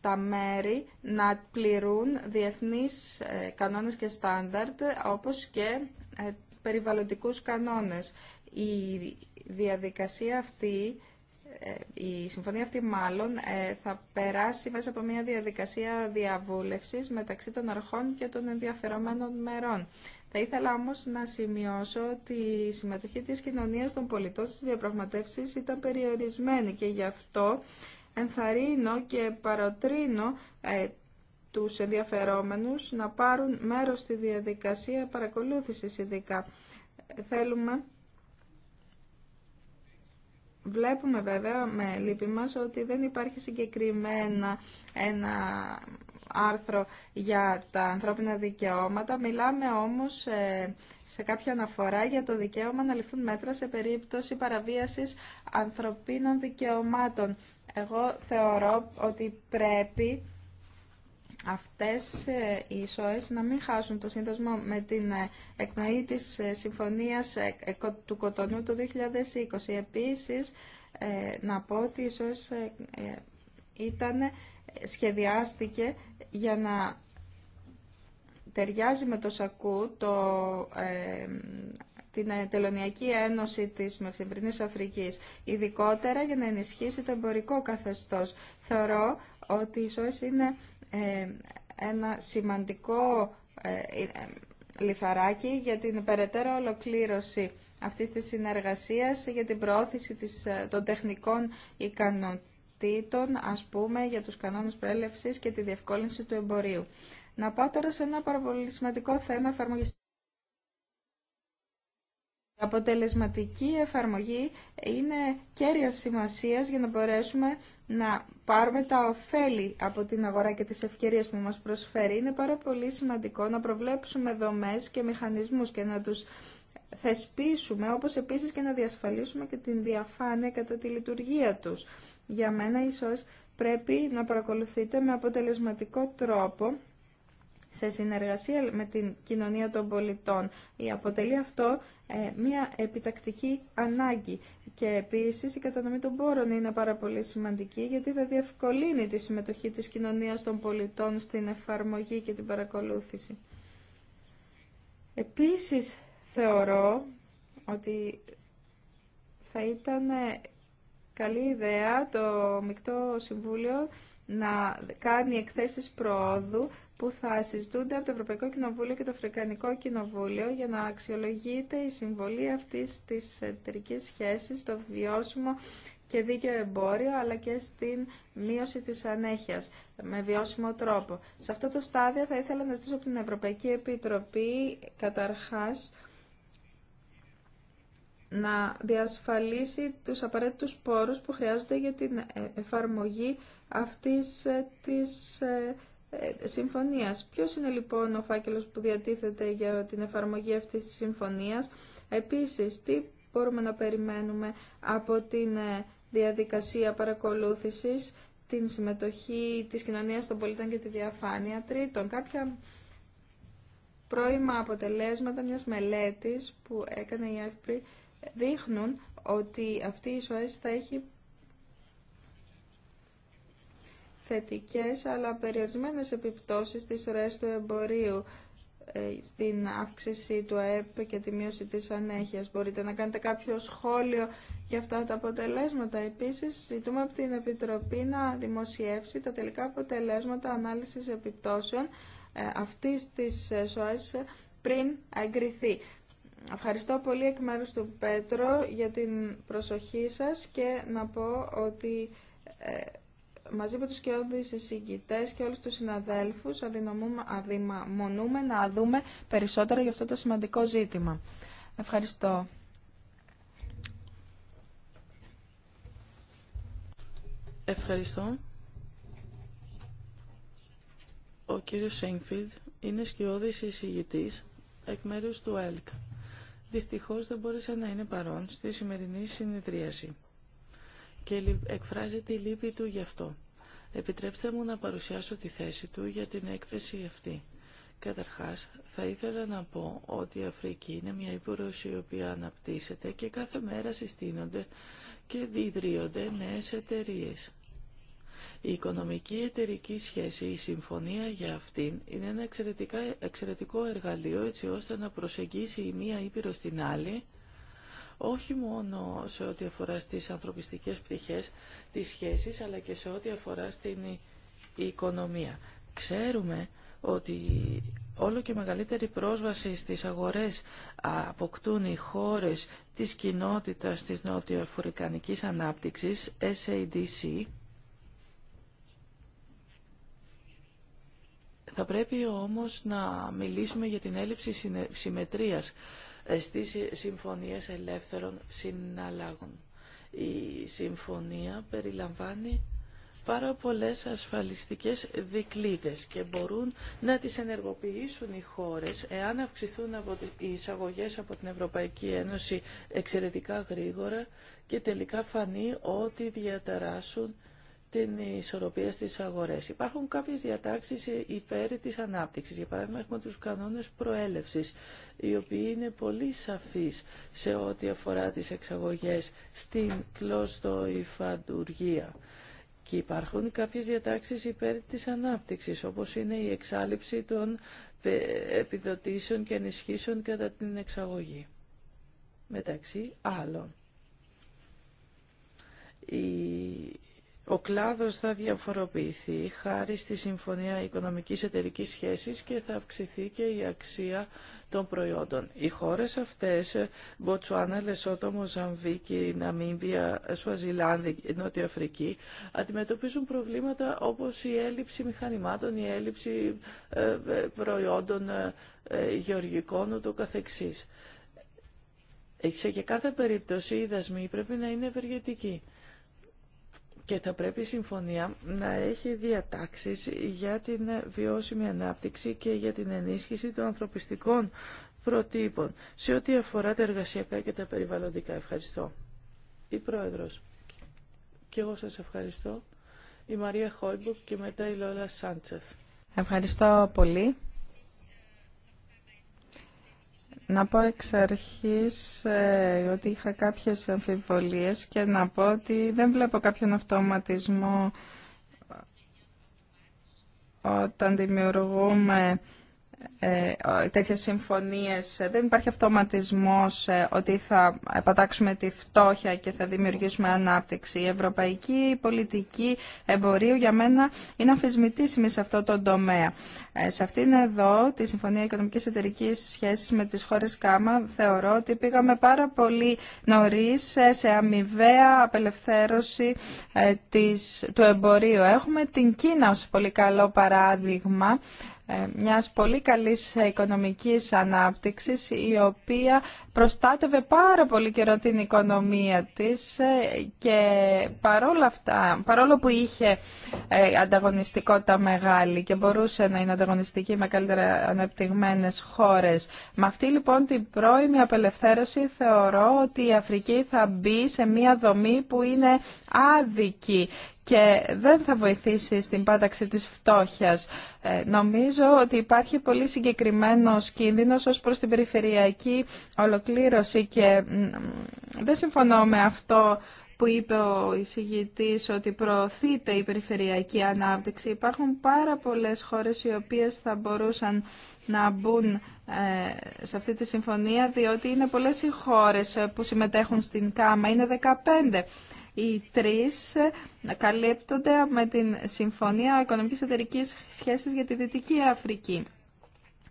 τα μέρη να πληρούν διεθνείς κανόνες και στάνταρτ όπως και περιβαλλοντικούς κανόνες. Η διαδικασία αυτή ε, η συμφωνία αυτή μάλλον ε, θα περάσει μέσα από μια διαδικασία διαβούλευσης μεταξύ των αρχών και των ενδιαφερομένων μερών. Θα ήθελα όμως να σημειώσω ότι η συμμετοχή της κοινωνίας των πολιτών στις διαπραγματεύσεις ήταν περιορισμένη και γι' αυτό ενθαρρύνω και παροτρύνω ε, τους ενδιαφερόμενους να πάρουν μέρος στη διαδικασία παρακολούθησης ειδικά. Θέλουμε Βλέπουμε βέβαια με λύπη μας ότι δεν υπάρχει συγκεκριμένα ένα άρθρο για τα ανθρώπινα δικαιώματα. Μιλάμε όμως ε, σε κάποια αναφορά για το δικαίωμα να ληφθούν μέτρα σε περίπτωση παραβίασης ανθρωπίνων δικαιωμάτων. Εγώ θεωρώ ότι πρέπει αυτές ε, οι ΙΣΟΕΣ να μην χάσουν το σύνδεσμο με την ε, εκνοή της ε, συμφωνίας του Κοτονού το 2020. Επίσης, να πω ότι οι ΣΟΕΣ ήταν, σχεδιάστηκε για να ταιριάζει με το ΣΑΚΟΥ το, την Τελωνιακή Ένωση της Μευθυμπρινής Αφρικής, ειδικότερα για να ενισχύσει το εμπορικό καθεστώς. Θεωρώ ότι οι είναι ε, ένα σημαντικό ε, ε, λιθαράκι για την περαιτέρω ολοκλήρωση αυτής της συνεργασίας για την προώθηση των τεχνικών ικανοτήτων, ας πούμε, για τους κανόνες προέλευσης και τη διευκόλυνση του εμπορίου. Να πάω τώρα σε ένα πάρα πολύ σημαντικό θέμα εφαρμογής αποτελεσματική εφαρμογή είναι κέρια σημασίας για να μπορέσουμε να πάρουμε τα ωφέλη από την αγορά και τις ευκαιρίες που μας προσφέρει. Είναι πάρα πολύ σημαντικό να προβλέψουμε δομές και μηχανισμούς και να τους θεσπίσουμε, όπως επίσης και να διασφαλίσουμε και την διαφάνεια κατά τη λειτουργία τους. Για μένα ίσως πρέπει να παρακολουθείτε με αποτελεσματικό τρόπο σε συνεργασία με την κοινωνία των πολιτών. αποτελεί αυτό ε, μια επιτακτική ανάγκη. Και επίσης η κατανομή των πόρων είναι πάρα πολύ σημαντική γιατί θα διευκολύνει τη συμμετοχή της κοινωνίας των πολιτών στην εφαρμογή και την παρακολούθηση. Επίσης θεωρώ ότι θα ήταν ε, καλή ιδέα το Μικτό Συμβούλιο να κάνει εκθέσεις προόδου που θα συζητούνται από το Ευρωπαϊκό Κοινοβούλιο και το Αφρικανικό Κοινοβούλιο για να αξιολογείται η συμβολή αυτής της εταιρικής σχέσης στο βιώσιμο και δίκαιο εμπόριο, αλλά και στην μείωση της ανέχειας με βιώσιμο τρόπο. Σε αυτό το στάδιο θα ήθελα να ζητήσω από την Ευρωπαϊκή Επιτροπή καταρχάς να διασφαλίσει τους απαραίτητους πόρους που χρειάζονται για την εφαρμογή αυτής της ε, ε, συμφωνίας. Ποιος είναι λοιπόν ο φάκελος που διατίθεται για την εφαρμογή αυτής της συμφωνίας. Επίσης, τι μπορούμε να περιμένουμε από την ε, διαδικασία παρακολούθησης, την συμμετοχή της κοινωνίας των πολιτών και τη διαφάνεια. Τρίτον, κάποια πρώιμα αποτελέσματα μιας μελέτης που έκανε η ΕΦΠΡΙ ε, δείχνουν ότι αυτή η ΣΟΕΣ θα έχει θετικές αλλά περιορισμένες επιπτώσεις στις ροές του εμπορίου ε, στην αύξηση του ΑΕΠ και τη μείωση της ανέχειας. Μπορείτε να κάνετε κάποιο σχόλιο για αυτά τα αποτελέσματα. Επίσης, ζητούμε από την Επιτροπή να δημοσιεύσει τα τελικά αποτελέσματα ανάλυσης επιπτώσεων ε, αυτής της ΣΟΑΣ ε, πριν εγκριθεί. Ευχαριστώ πολύ εκ μέρους του Πέτρο για την προσοχή σας και να πω ότι μαζί με τους και εισηγητές και όλους τους συναδέλφους αδειμονούμε να δούμε περισσότερα για αυτό το σημαντικό ζήτημα. Ευχαριστώ. Ευχαριστώ. Ο κύριος Σέινφιλντ είναι σκιώδης εισηγητής εκ μέρους του ΕΛΚ. Δυστυχώς δεν μπόρεσε να είναι παρόν στη σημερινή συνεδρίαση και εκφράζει τη λύπη του γι' αυτό. Επιτρέψτε μου να παρουσιάσω τη θέση του για την έκθεση αυτή. Καταρχάς, θα ήθελα να πω ότι η Αφρική είναι μια υπουργός η οποία αναπτύσσεται και κάθε μέρα συστήνονται και διδρύονται νέες εταιρείε. Η οικονομική εταιρική σχέση, η συμφωνία για αυτήν, είναι ένα εξαιρετικό εργαλείο έτσι ώστε να προσεγγίσει η μία ήπειρο στην άλλη όχι μόνο σε ό,τι αφορά στις ανθρωπιστικές πτυχές της σχέσης, αλλά και σε ό,τι αφορά στην οικονομία. Ξέρουμε ότι όλο και μεγαλύτερη πρόσβαση στις αγορές αποκτούν οι χώρες της κοινότητας της νοτιοαφρικανικής ανάπτυξης, SADC. Θα πρέπει όμως να μιλήσουμε για την έλλειψη συμμετρίας στις συμφωνίες ελεύθερων συναλλάγων. Η συμφωνία περιλαμβάνει πάρα πολλές ασφαλιστικές δικλίδες και μπορούν να τις ενεργοποιήσουν οι χώρες εάν αυξηθούν από οι εισαγωγές από την Ευρωπαϊκή Ένωση εξαιρετικά γρήγορα και τελικά φανεί ότι διαταράσσουν την ισορροπία στις αγορές. Υπάρχουν κάποιες διατάξεις υπέρ της ανάπτυξη. Για παράδειγμα, έχουμε τους κανόνες προέλευση, οι οποίοι είναι πολύ σαφείς σε ό,τι αφορά τις εξαγωγέ στην κλωστοϊφαντουργία. Και υπάρχουν κάποιες διατάξεις υπέρ της ανάπτυξης, όπως είναι η εξάλληψη των επιδοτήσεων και ενισχύσεων κατά την εξαγωγή. Μεταξύ άλλων. Η ο κλάδος θα διαφοροποιηθεί χάρη στη Συμφωνία Οικονομικής Εταιρικής Σχέσης και θα αυξηθεί και η αξία των προϊόντων. Οι χώρες αυτές, Μποτσουάνα, Λεσότο, Μοζαμβίκη, Ναμίμπια, Σουαζιλάνδη, Νότια Αφρική, αντιμετωπίζουν προβλήματα όπως η έλλειψη μηχανημάτων, η έλλειψη ε, ε, προϊόντων ε, γεωργικών ούτω καθεξής. Σε κάθε περίπτωση οι δασμοί πρέπει να είναι ευεργετικοί. Και θα πρέπει η συμφωνία να έχει διατάξεις για την βιώσιμη ανάπτυξη και για την ενίσχυση των ανθρωπιστικών προτύπων σε ό,τι αφορά τα εργασιακά και τα περιβαλλοντικά. Ευχαριστώ. Η Πρόεδρος. Και εγώ σας ευχαριστώ. Η Μαρία Χόιμπουκ και μετά η Λόλα Σάντσεθ. Ευχαριστώ πολύ. Να πω εξ αρχής ε, ότι είχα κάποιες αμφιβολίες και να πω ότι δεν βλέπω κάποιον αυτοματισμό όταν δημιουργούμε ε, τέτοιες συμφωνίες. Δεν υπάρχει αυτοματισμός ε, ότι θα πατάξουμε τη φτώχεια και θα δημιουργήσουμε ανάπτυξη. Η ευρωπαϊκή πολιτική εμπορίου για μένα είναι αμφισβητήσιμη σε αυτό το τομέα. Ε, σε αυτήν εδώ τη Συμφωνία Οικονομικής Εταιρικής Σχέσης με τις χώρες ΚΑΜΑ θεωρώ ότι πήγαμε πάρα πολύ νωρίς σε αμοιβαία απελευθέρωση του εμπορίου. Έχουμε την Κίνα ως πολύ καλό παράδειγμα ε, μιας πολύ καλής οικονομικής ανάπτυξης η οποία προστάτευε πάρα πολύ καιρό την οικονομία της ε, και παρόλα αυτά, παρόλο που είχε ε, ανταγωνιστικότητα μεγάλη και μπορούσε να είναι ανταγωνιστική με καλύτερα ανεπτυγμένες χώρες. Με αυτή λοιπόν την πρώιμη απελευθέρωση θεωρώ ότι η Αφρική θα μπει σε μια δομή που είναι άδικη και δεν θα βοηθήσει στην πάταξη της φτώχειας. Ε, νομίζω ότι υπάρχει πολύ συγκεκριμένος κίνδυνος ως προς την περιφερειακή ολοκλήρωση και δεν συμφωνώ με αυτό που είπε ο εισηγητής ότι προωθείται η περιφερειακή ανάπτυξη. Υπάρχουν πάρα πολλές χώρες οι οποίες θα μπορούσαν να μπουν ε, σε αυτή τη συμφωνία διότι είναι πολλές οι χώρες ε, που συμμετέχουν στην ΚΑΜΑ, είναι 15 οι τρεις καλύπτονται με την Συμφωνία Οικονομικής Εταιρικής Σχέσης για τη Δυτική Αφρική.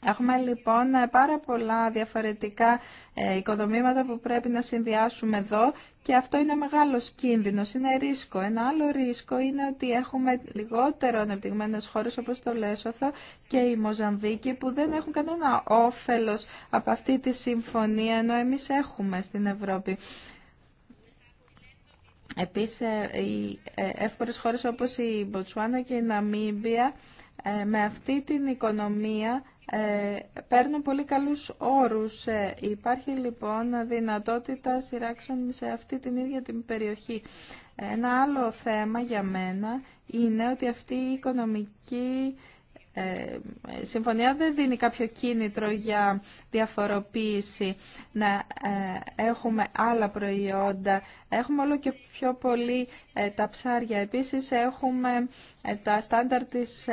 Έχουμε λοιπόν πάρα πολλά διαφορετικά ε, οικοδομήματα που πρέπει να συνδυάσουμε εδώ και αυτό είναι μεγάλος κίνδυνος, είναι ρίσκο. Ένα άλλο ρίσκο είναι ότι έχουμε λιγότερο ανεπτυγμένε χώρες όπως το Λέσοθο και η Μοζαμβίκη που δεν έχουν κανένα όφελος από αυτή τη συμφωνία ενώ εμείς έχουμε στην Ευρώπη. Επίσης, ε, οι ε, εύκολες χώρες όπως η Μποτσουάνα και η Ναμίμπια ε, με αυτή την οικονομία παίρνουν πολύ καλούς όρους. Υπάρχει λοιπόν δυνατότητα σειράξεων σε αυτή την ίδια την περιοχή. Ένα άλλο θέμα για μένα είναι ότι αυτή η οικονομική η ε, συμφωνία δεν δίνει κάποιο κίνητρο για διαφοροποίηση να ε, έχουμε άλλα προϊόντα. Έχουμε όλο και πιο πολύ ε, τα ψάρια. Επίσης έχουμε τα στάνταρ της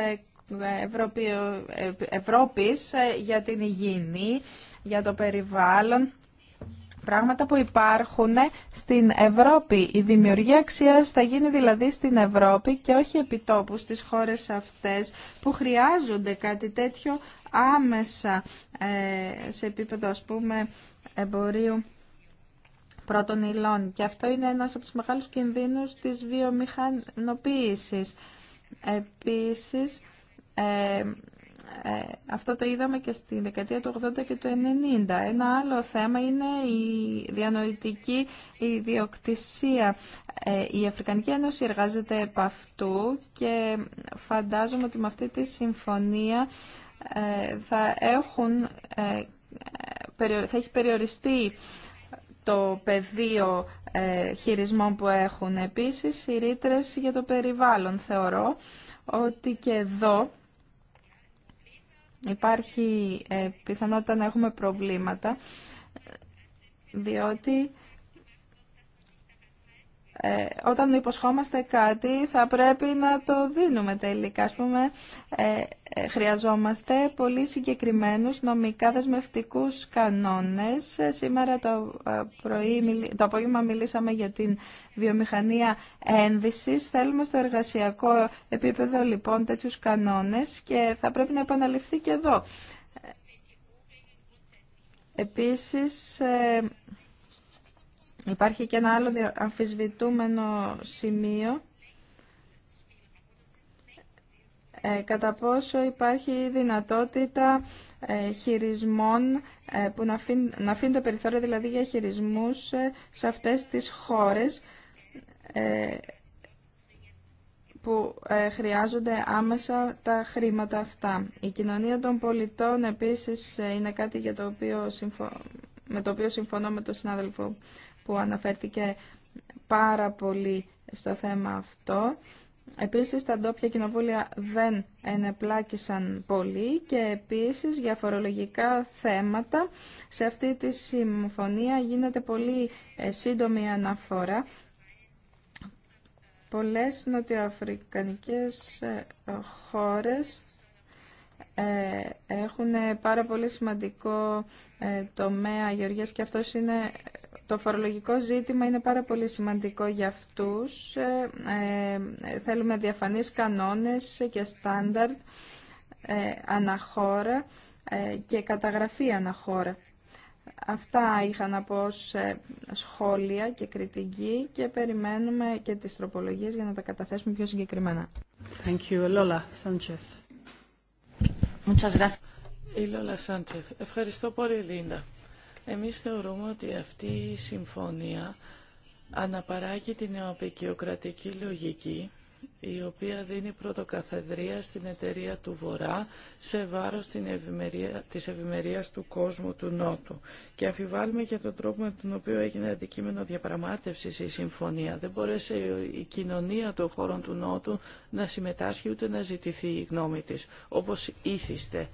Ευρώπης για την υγιεινή, για το περιβάλλον πράγματα που υπάρχουν στην Ευρώπη. Η δημιουργία αξία θα γίνει δηλαδή στην Ευρώπη και όχι επιτόπου στις χώρες αυτές που χρειάζονται κάτι τέτοιο άμεσα ε, σε επίπεδο ας πούμε εμπορίου πρώτων υλών. Και αυτό είναι ένας από τους μεγάλους κινδύνους της βιομηχανοποίησης. Επίσης, ε, ε, αυτό το είδαμε και στη δεκαετία του 80 και του 90. Ένα άλλο θέμα είναι η διανοητική ιδιοκτησία. Ε, η Αφρικανική Ένωση εργάζεται επ' αυτού και φαντάζομαι ότι με αυτή τη συμφωνία ε, θα, έχουν, θα έχει περιοριστεί το πεδίο χειρισμών που έχουν. Επίσης, οι για το περιβάλλον θεωρώ ότι και εδώ Υπάρχει ε, πιθανότητα να έχουμε προβλήματα, διότι ε, όταν υποσχόμαστε κάτι θα πρέπει να το δίνουμε τελικά. Ας πούμε, ε, ε χρειαζόμαστε πολύ συγκεκριμένους νομικά δεσμευτικούς κανόνες. Ε, σήμερα το, πρωί, το απόγευμα μιλήσαμε για την βιομηχανία ένδυσης. Θέλουμε στο εργασιακό επίπεδο λοιπόν τέτοιους κανόνες και θα πρέπει να επαναληφθεί και εδώ. Επίσης, Υπάρχει και ένα άλλο αμφισβητούμενο σημείο ε, κατά πόσο υπάρχει δυνατότητα ε, χειρισμών ε, που να, αφήν, να αφήνουν το περιθώριο δηλαδή για χειρισμούς σε αυτές τις χώρες που χρειάζονται άμεσα τα χρήματα αυτά. Η κοινωνία των πολιτών επίσης είναι κάτι για το οποίο συμφω... με το οποίο συμφωνώ με τον συνάδελφο που αναφέρθηκε πάρα πολύ στο θέμα αυτό. Επίσης, τα ντόπια κοινοβούλια δεν ενεπλάκησαν πολύ και επίσης για φορολογικά θέματα σε αυτή τη συμφωνία γίνεται πολύ ε, σύντομη αναφορά. Πολλές νοτιοαφρικανικές ε, χώρες ε, έχουν πάρα πολύ σημαντικό ε, τομέα γεωργίας και αυτός είναι το φορολογικό ζήτημα είναι πάρα πολύ σημαντικό για αυτούς. Ε, θέλουμε διαφανείς κανόνες και στάνταρτ αναχώρα και καταγραφή αναχώρα. Αυτά είχα να σχόλια και κριτική και περιμένουμε και τις τροπολογίες για να τα καταθέσουμε πιο συγκεκριμένα. Thank you, Lola Ευχαριστώ πολύ, Λίντα. Εμείς θεωρούμε ότι αυτή η συμφωνία αναπαράγει την νεοαπικιοκρατική λογική η οποία δίνει πρωτοκαθεδρία στην εταιρεία του Βορρά σε βάρος την ευημερία, της ευημερίας του κόσμου του Νότου. Και αφιβάλλουμε για τον τρόπο με τον οποίο έγινε αντικείμενο διαπραγμάτευσης η συμφωνία. Δεν μπόρεσε η κοινωνία των χώρων του Νότου να συμμετάσχει ούτε να ζητηθεί η γνώμη της, όπως ήθιστε.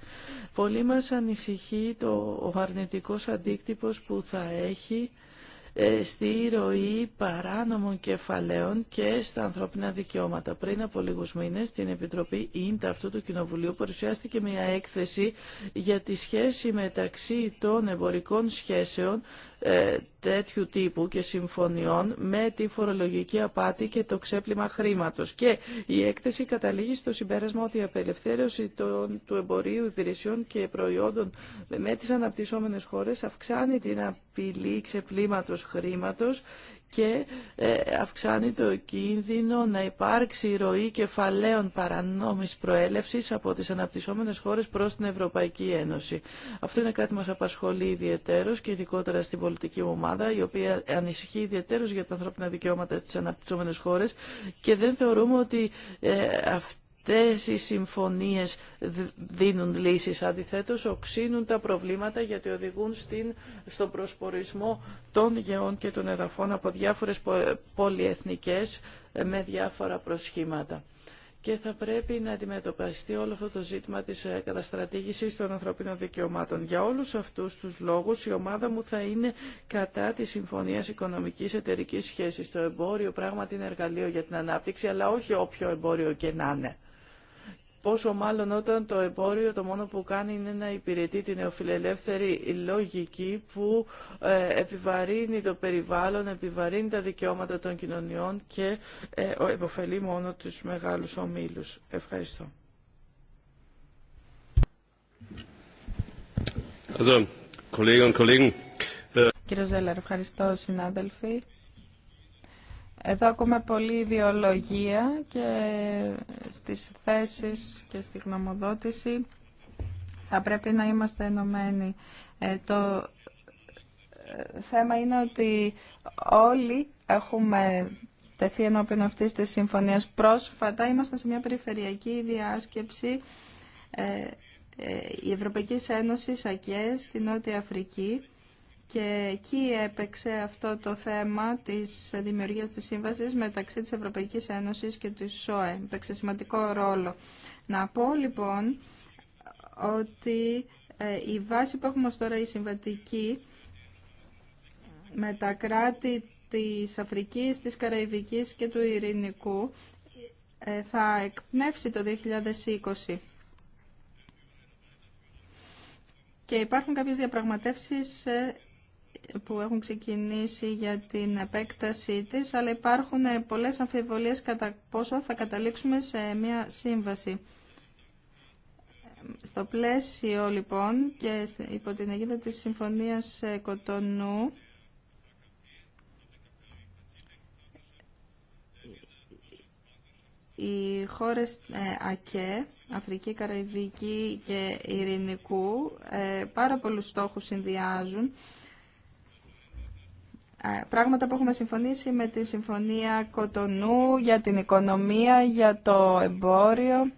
Πολύ μας ανησυχεί το, ο αρνητικός αντίκτυπος που θα έχει ε, στη ροή παράνομων κεφαλαίων και στα ανθρώπινα δικαιώματα. Πριν από λίγους μήνες, στην Επιτροπή ΙΝΤΑ αυτού του Κοινοβουλίου παρουσιάστηκε μια έκθεση για τη σχέση μεταξύ των εμπορικών σχέσεων ε, τέτοιου τύπου και συμφωνιών με τη φορολογική απάτη και το ξέπλυμα χρήματος. Και η έκθεση καταλήγει στο συμπέρασμα ότι η απελευθέρωση του εμπορίου υπηρεσιών και προϊόντων με τις αναπτυσσόμενες χώρες αυξάνει την απειλή ξεπλήματος χρήματος και ε, αυξάνει το κίνδυνο να υπάρξει ροή κεφαλαίων παρανόμης προέλευσης από τις αναπτυσσόμενες χώρες προς την Ευρωπαϊκή Ένωση. Αυτό είναι κάτι που μας απασχολεί ιδιαιτέρως και ειδικότερα στην πολιτική ομάδα, η οποία ανησυχεί ιδιαιτέρως για τα ανθρώπινα δικαιώματα στις αναπτυσσόμενες χώρες και δεν θεωρούμε ότι ε, αυτή αυτές οι συμφωνίες δίνουν λύσεις. Αντιθέτως, οξύνουν τα προβλήματα γιατί οδηγούν στην, στον προσπορισμό των γεών και των εδαφών από διάφορες πολυεθνικές ε, με διάφορα προσχήματα. Και θα πρέπει να αντιμετωπιστεί όλο αυτό το ζήτημα της ε, καταστρατήγησης των ανθρωπίνων δικαιωμάτων. Για όλους αυτούς τους λόγους η ομάδα μου θα είναι κατά της Συμφωνίας Οικονομικής Εταιρικής Σχέσης. Το εμπόριο πράγματι είναι εργαλείο για την ανάπτυξη, αλλά όχι όποιο εμπόριο και να είναι. Πόσο μάλλον όταν το εμπόριο το μόνο που κάνει είναι να υπηρετεί την νεοφιλελεύθερη λογική που ε, επιβαρύνει το περιβάλλον, επιβαρύνει τα δικαιώματα των κοινωνιών και ε, επωφελεί μόνο τους μεγάλους ομίλους. Ευχαριστώ. Äh Κύριε Ζέλερ, ευχαριστώ συνάδελφοι. Εδώ ακούμε πολλή ιδεολογία και στις θέσεις και στη γνωμοδότηση θα πρέπει να είμαστε ενωμένοι. Ε, το ε, θέμα είναι ότι όλοι έχουμε τεθεί ενώπιον αυτής της συμφωνίας. Πρόσφατα ήμασταν σε μια περιφερειακή διάσκεψη ε, η Ευρωπαϊκή Ένωση ΑΚΕ στη Νότια Αφρική και εκεί έπαιξε αυτό το θέμα της δημιουργίας της σύμβασης μεταξύ της Ευρωπαϊκής Ένωσης και του ΣΟΕ. Έπαιξε σημαντικό ρόλο. Να πω λοιπόν ότι ε, η βάση που έχουμε ως τώρα η συμβατική με τα κράτη της Αφρικής, της Καραϊβικής και του Ειρηνικού ε, θα εκπνεύσει το 2020. Και υπάρχουν κάποιες διαπραγματεύσεις ε, που έχουν ξεκινήσει για την επέκτασή της, αλλά υπάρχουν πολλές αμφιβολίες κατά πόσο θα καταλήξουμε σε μια σύμβαση. Στο πλαίσιο λοιπόν και υπό την αιγύδα της Συμφωνίας ε, Κοτονού οι χώρες ε, ΑΚΕ, Αφρική, Καραϊβική και Ειρηνικού ε, πάρα πολλούς στόχους συνδυάζουν πράγματα που έχουμε συμφωνήσει με τη Συμφωνία Κοτονού για την οικονομία, για το εμπόριο.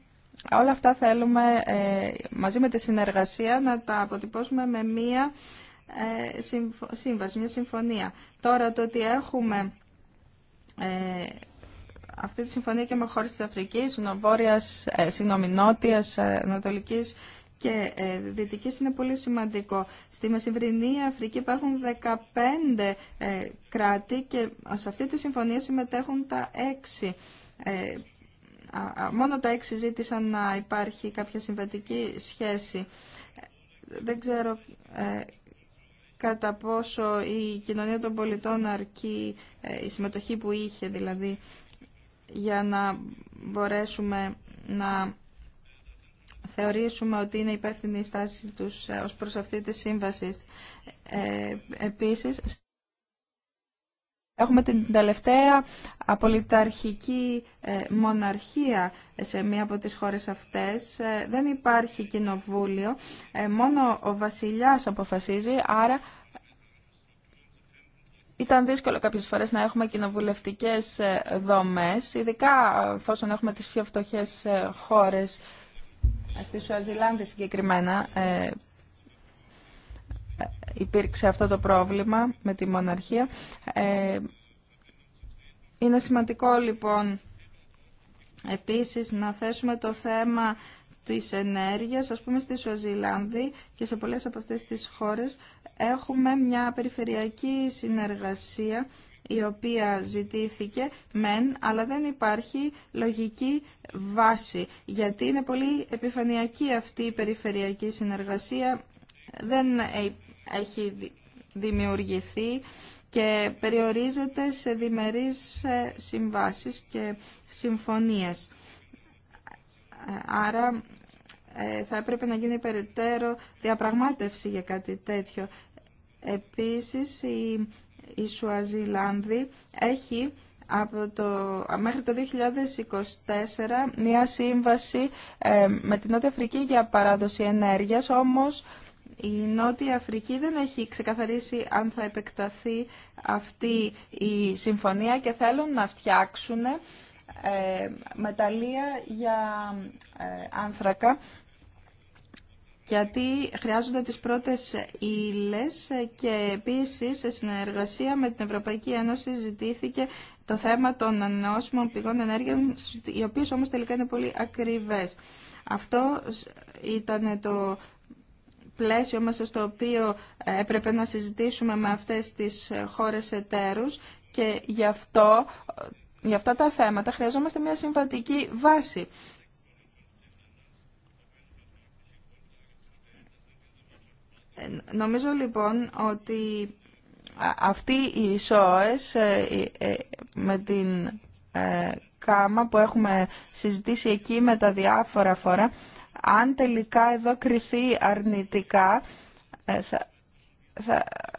Όλα αυτά θέλουμε ε, μαζί με τη συνεργασία να τα αποτυπώσουμε με μία ε, σύμβαση, μία συμφωνία. Τώρα το ότι έχουμε ε, αυτή τη συμφωνία και με χώρες της Αφρικής, νότιας, ανατολικής, και ε, δυτική είναι πολύ σημαντικό. Στη Μεσημβρινή Αφρική υπάρχουν 15 ε, κράτη και σε αυτή τη συμφωνία συμμετέχουν τα 6. Ε, μόνο τα 6 ζήτησαν να υπάρχει κάποια συμβατική σχέση. Δεν ξέρω κατά πόσο η κοινωνία των πολιτών αρκεί, η συμμετοχή που είχε δηλαδή, για να μπορέσουμε να θεωρήσουμε ότι είναι υπεύθυνη η στάση τους ε, ως προς αυτή τη σύμβαση. Ε, επίσης, έχουμε την τελευταία απολυταρχική ε, μοναρχία σε μία από τις χώρες αυτές. Ε, δεν υπάρχει κοινοβούλιο, μόνο ο βασιλιάς αποφασίζει, άρα... Ήταν δύσκολο κάποιες φορές να έχουμε κοινοβουλευτικές δομές, ειδικά εφόσον έχουμε τις πιο φτωχές χώρες Στη Σουαζιλάνδη συγκεκριμένα ε, ε, υπήρξε αυτό το πρόβλημα με τη μοναρχία. Ε, είναι σημαντικό λοιπόν επίσης να θέσουμε το θέμα της ενέργειας, ας πούμε στη Σουαζιλάνδη και σε πολλές από αυτές τις χώρες έχουμε μια περιφερειακή συνεργασία η οποία ζητήθηκε μεν, αλλά δεν υπάρχει λογική βάση, γιατί είναι πολύ επιφανειακή αυτή η περιφερειακή συνεργασία, δεν ε, έχει δημιουργηθεί και περιορίζεται σε διμερείς ε, συμβάσεις και συμφωνίες. Άρα ε, θα έπρεπε να γίνει περιττέρω διαπραγμάτευση για κάτι τέτοιο. Επίσης, η η Σουαζιλάνδη έχει από το, μέχρι το 2024 μια σύμβαση ε, με την Νότια Αφρική για παράδοση ενέργειας, όμως η Νότια Αφρική δεν έχει ξεκαθαρίσει αν θα επεκταθεί αυτή η συμφωνία και θέλουν να φτιάξουν ε, μεταλλεία για ε, άνθρακα γιατί χρειάζονται τις πρώτες ύλες και επίσης σε συνεργασία με την Ευρωπαϊκή Ένωση ζητήθηκε το θέμα των ανανεώσιμων πηγών ενέργειας, οι οποίες όμως τελικά είναι πολύ ακριβές. Αυτό ήταν το πλαίσιο μέσα στο οποίο έπρεπε να συζητήσουμε με αυτές τις χώρες εταίρους και γι' αυτό για αυτά τα θέματα χρειαζόμαστε μια συμβατική βάση. Νομίζω λοιπόν ότι αυτοί οι ΣΟΕΣ ε, ε, ε, με την κάμα που έχουμε συζητήσει εκεί με τα διάφορα φορά, αν τελικά εδώ κριθεί αρνητικά,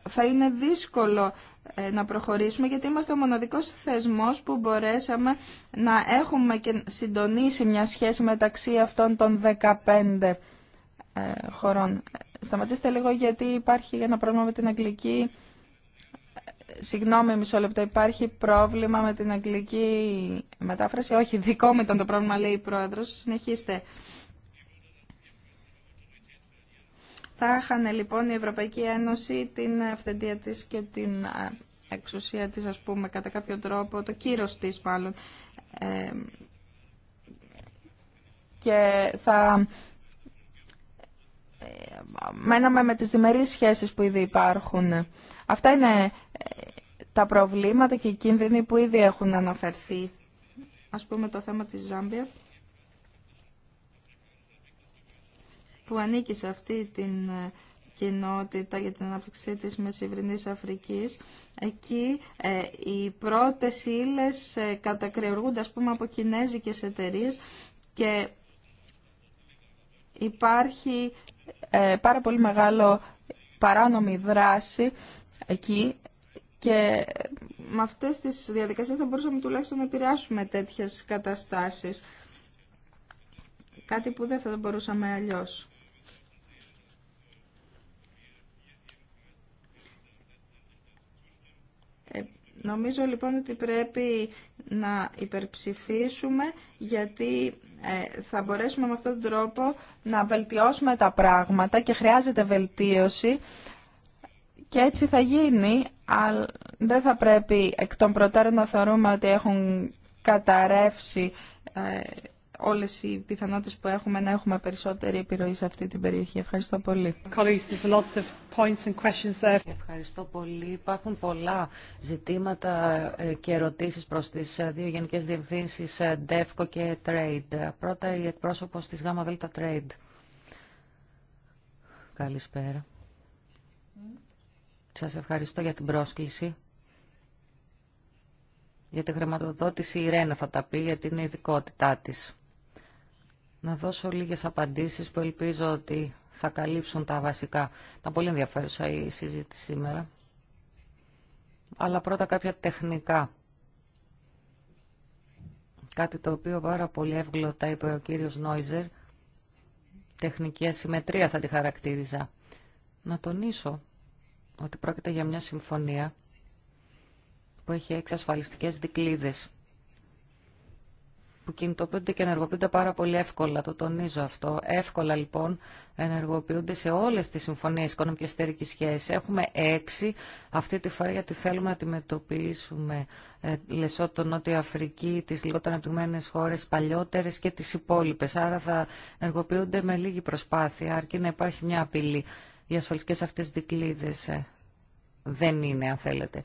θα, είναι δύσκολο να προχωρήσουμε γιατί είμαστε ο μοναδικός θεσμός που μπορέσαμε να έχουμε και συντονίσει μια σχέση μεταξύ αυτών των 15 ε, χωρών. Σταματήστε λίγο γιατί υπάρχει ένα πρόβλημα με την αγγλική. Συγγνώμη, μισό λεπτό, υπάρχει πρόβλημα με την αγγλική μετάφραση. Όχι, δικό μου ήταν το πρόβλημα, λέει η πρόεδρος. Συνεχίστε. Θα είχαν λοιπόν η Ευρωπαϊκή Ένωση την ευθεντία της και την εξουσία της, ας πούμε, κατά κάποιο τρόπο, το κύρος της μάλλον. Ε, και θα μέναμε με τις διμερείς σχέσεις που ήδη υπάρχουν. Αυτά είναι ε, τα προβλήματα και οι κίνδυνοι που ήδη έχουν αναφερθεί. Ας πούμε το θέμα της Ζάμπια που ανήκει σε αυτή την ε, κοινότητα για την ανάπτυξή της Μεσηβρινής Αφρικής. Εκεί ε, οι πρώτες ύλες ε, ας πούμε από κινέζικες εταιρείες και υπάρχει ε, πάρα πολύ μεγάλο παράνομη δράση εκεί και με αυτές τις διαδικασίες θα μπορούσαμε τουλάχιστον να επηρεάσουμε τέτοιες καταστάσεις. Κάτι που δεν θα μπορούσαμε αλλιώς. Ε, νομίζω λοιπόν ότι πρέπει να υπερψηφίσουμε γιατί ε, θα μπορέσουμε με αυτόν τον τρόπο να βελτιώσουμε τα πράγματα και χρειάζεται βελτίωση και έτσι θα γίνει, αλλά δεν θα πρέπει εκ των προτέρων να θεωρούμε ότι έχουν καταρρεύσει ε, όλες οι πιθανότητες που έχουμε να έχουμε περισσότερη επιρροή σε αυτή την περιοχή. Ευχαριστώ πολύ. Ευχαριστώ πολύ. Υπάρχουν πολλά ζητήματα ε, και ερωτήσεις προς τις ε, δύο γενικές διευθύνσεις ε, DEFCO και TRADE. Πρώτα η εκπρόσωπος της ΓΔ TRADE. Καλησπέρα. Σας ευχαριστώ για την πρόσκληση. Για τη χρηματοδότηση η Ρένα θα τα πει, γιατί είναι ειδικότητά της να δώσω λίγες απαντήσεις που ελπίζω ότι θα καλύψουν τα βασικά. τα πολύ ενδιαφέρουσα η συζήτηση σήμερα. Αλλά πρώτα κάποια τεχνικά. Κάτι το οποίο πάρα πολύ εύγλωτα είπε ο κύριος Νόιζερ. Τεχνική ασυμμετρία θα τη χαρακτήριζα. Να τονίσω ότι πρόκειται για μια συμφωνία που έχει έξι ασφαλιστικές δικλείδες που κινητοποιούνται και ενεργοποιούνται πάρα πολύ εύκολα, το τονίζω αυτό. Εύκολα λοιπόν ενεργοποιούνται σε όλες τις συμφωνίες οικονομικής εταιρικής σχέση. Έχουμε έξι αυτή τη φορά γιατί θέλουμε να αντιμετωπίσουμε ε, Λεσότο, η Αφρική, τις λιγότερο αναπτυγμένες χώρες, παλιότερες και τις υπόλοιπες. Άρα θα ενεργοποιούνται με λίγη προσπάθεια, αρκεί να υπάρχει μια απειλή για ασφαλιστικές αυτές δικλείδες ε, δεν είναι, αν θέλετε,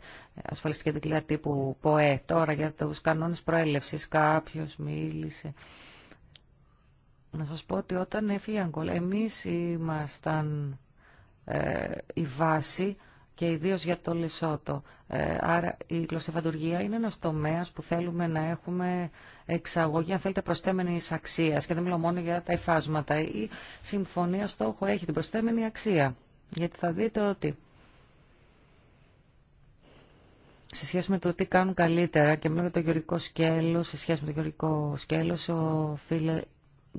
ασφαλιστική δικλία τύπου ΠΟΕ. Τώρα για τους κανόνες προέλευσης κάποιος μίλησε. Να σας πω ότι όταν έφυγε η Αγγόλα, εμείς ήμασταν ε, η βάση και ιδίως για το Λεσότο. Ε, άρα η γλωσσεφαντουργία είναι ένας τομέας που θέλουμε να έχουμε εξαγωγή, αν θέλετε, προστέμενη αξία. Και δεν μιλώ μόνο για τα υφάσματα. Η συμφωνία στόχο έχει την προστέμενη αξία. Γιατί θα δείτε ότι σε σχέση με το τι κάνουν καλύτερα και μιλάω για το γεωργικό σκέλο, σε σχέση με το γεωργικό σκέλο, ο φίλε,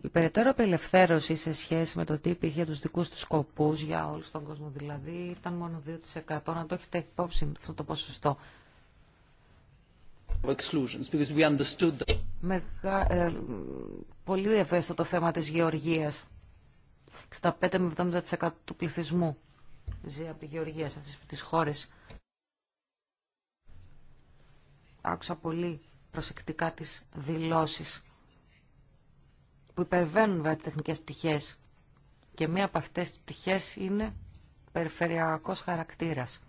η περαιτέρω απελευθέρωση σε σχέση με το τι υπήρχε για του δικού του σκοπού για όλου τον κόσμο, δηλαδή ήταν μόνο 2% να το έχετε υπόψη αυτό το ποσοστό. Ε, πολύ ευαίσθητο το θέμα της γεωργίας. 65 με 70% του πληθυσμού ζει από τη γεωργία σε αυτές τις χώρες. Άκουσα πολύ προσεκτικά τις δηλώσεις που υπερβαίνουν βέβαια τις τεχνικές πτυχές και μία από αυτές τις πτυχές είναι περιφερειακός χαρακτήρας.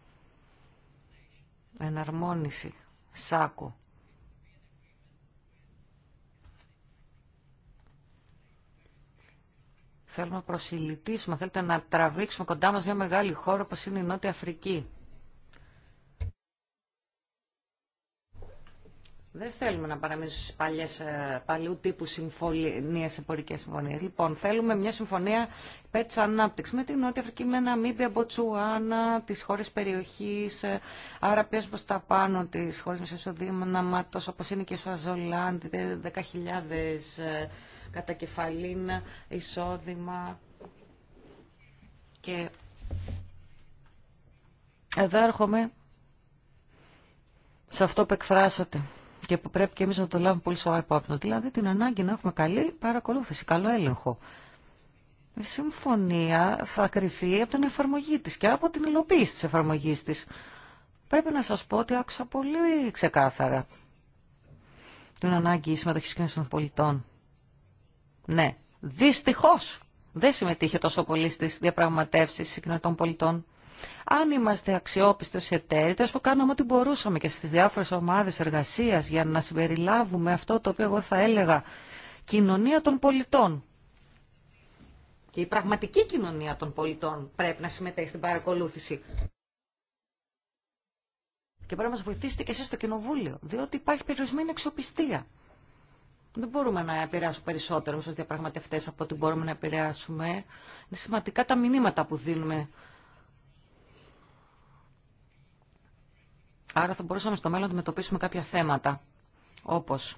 Εναρμόνιση, σάκο. Θέλουμε να προσιλητήσουμε, θέλετε να τραβήξουμε κοντά μας μια μεγάλη χώρα όπως είναι η Νότια Αφρική. Δεν θέλουμε να παραμείνουμε στι ε, παλιού τύπου συμφωνίες, εμπορικέ συμφωνίε. Λοιπόν, θέλουμε μια συμφωνία υπέρ της ανάπτυξης με την Νότια Αφρική, με ένα Μίμπια, Μποτσουάνα, τι χώρες περιοχής, ε, άρα πιέσουμε στα τα πάνω τις χώρες μεσοσοδήματος, όπως είναι και η Σουαζολάντ, 10.000 ε, κατά κεφαλήν εισόδημα. Και εδώ έρχομαι σε αυτό που εκφράσατε και που πρέπει και εμείς να το λάβουμε πολύ σοβαρά υπόψη. Δηλαδή την ανάγκη να έχουμε καλή παρακολούθηση, καλό έλεγχο. Η συμφωνία θα κριθεί από την εφαρμογή τη και από την υλοποίηση της εφαρμογή τη. Πρέπει να σας πω ότι άκουσα πολύ ξεκάθαρα την ανάγκη συμμετοχή κοινωνικών των πολιτών. Ναι, δυστυχώ! δεν συμμετείχε τόσο πολύ στι διαπραγματεύσει κοινωνικών πολιτών. Αν είμαστε αξιόπιστος εταίροι, τόσο που κάνουμε ό,τι μπορούσαμε και στις διάφορες ομάδες εργασίας για να συμπεριλάβουμε αυτό το οποίο εγώ θα έλεγα κοινωνία των πολιτών. Και η πραγματική κοινωνία των πολιτών πρέπει να συμμετέχει στην παρακολούθηση. Και πρέπει να μας βοηθήσετε και εσείς στο Κοινοβούλιο, διότι υπάρχει περιορισμένη εξοπιστία. Δεν μπορούμε να επηρεάσουμε περισσότερο στους διαπραγματευτές από ό,τι μπορούμε να επηρεάσουμε. Είναι σημαντικά τα μηνύματα που δίνουμε Άρα θα μπορούσαμε στο μέλλον να αντιμετωπίσουμε κάποια θέματα, όπως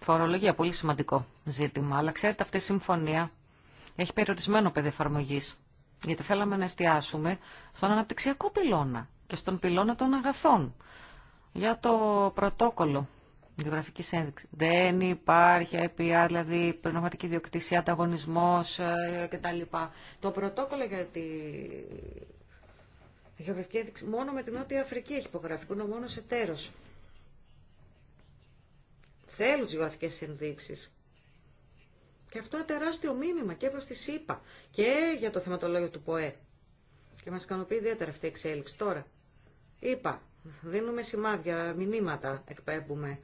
φορολογία, πολύ σημαντικό ζήτημα. Αλλά ξέρετε, αυτή η συμφωνία έχει περιορισμένο παιδί εφαρμογή. Γιατί θέλαμε να εστιάσουμε στον αναπτυξιακό πυλώνα και στον πυλώνα των αγαθών. Για το πρωτόκολλο γεωγραφική ένδειξη. Δεν υπάρχει IPR, δηλαδή πνευματική διοκτησία, ανταγωνισμό ε, κτλ. Το πρωτόκολλο για τη γεωγραφική ένδειξη μόνο με την Νότια Αφρική έχει υπογραφεί, που είναι ο μόνο εταίρο. Θέλουν τι γεωγραφικέ ενδείξει. Και αυτό είναι τεράστιο μήνυμα και προ τη ΣΥΠΑ και για το θεματολόγιο του ΠΟΕ. Και μα ικανοποιεί ιδιαίτερα αυτή η εξέλιξη. Τώρα, είπα, δίνουμε σημάδια, μηνύματα εκπέμπουμε.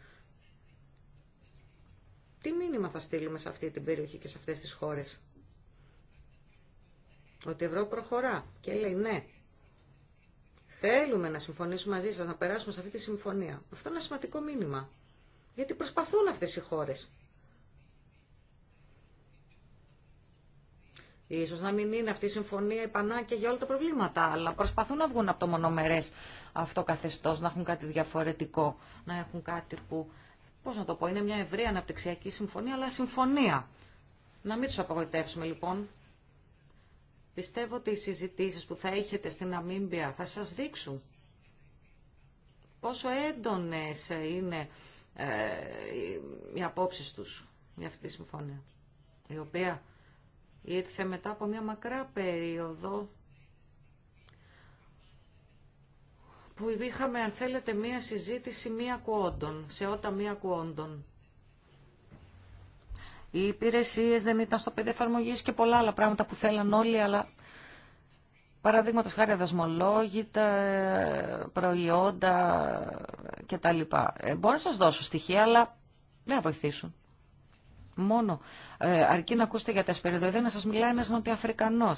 Τι μήνυμα θα στείλουμε σε αυτή την περιοχή και σε αυτές τις χώρες. Ότι η Ευρώπη προχωρά και λέει ναι, Θέλουμε να συμφωνήσουμε μαζί σας, να περάσουμε σε αυτή τη συμφωνία. Αυτό είναι ένα σημαντικό μήνυμα. Γιατί προσπαθούν αυτές οι χώρες. Ίσως να μην είναι αυτή η συμφωνία πανάκια για όλα τα προβλήματα, αλλά προσπαθούν να βγουν από το μονομερές αυτό καθεστώς, να έχουν κάτι διαφορετικό, να έχουν κάτι που, πώς να το πω, είναι μια ευρεία αναπτυξιακή συμφωνία, αλλά συμφωνία. Να μην τους απογοητεύσουμε λοιπόν. Πιστεύω ότι οι συζητήσεις που θα έχετε στην Αμίμπια θα σας δείξουν πόσο έντονες είναι ε, οι απόψεις τους για αυτή τη συμφωνία, η οποία ήρθε μετά από μια μακρά περίοδο που είχαμε, αν θέλετε, μία συζήτηση μία κουόντων, σε ότα μία κουόντων οι υπηρεσίε δεν ήταν στο πέντε εφαρμογή και πολλά άλλα πράγματα που θέλαν όλοι, αλλά παραδείγματο χάρη δασμολόγητα, προϊόντα κτλ. Ε, μπορώ να σα δώσω στοιχεία, αλλά δεν θα βοηθήσουν. Μόνο ε, αρκεί να ακούσετε για τα σπεριδοειδή να σα μιλάει ένα Νοτιοαφρικανό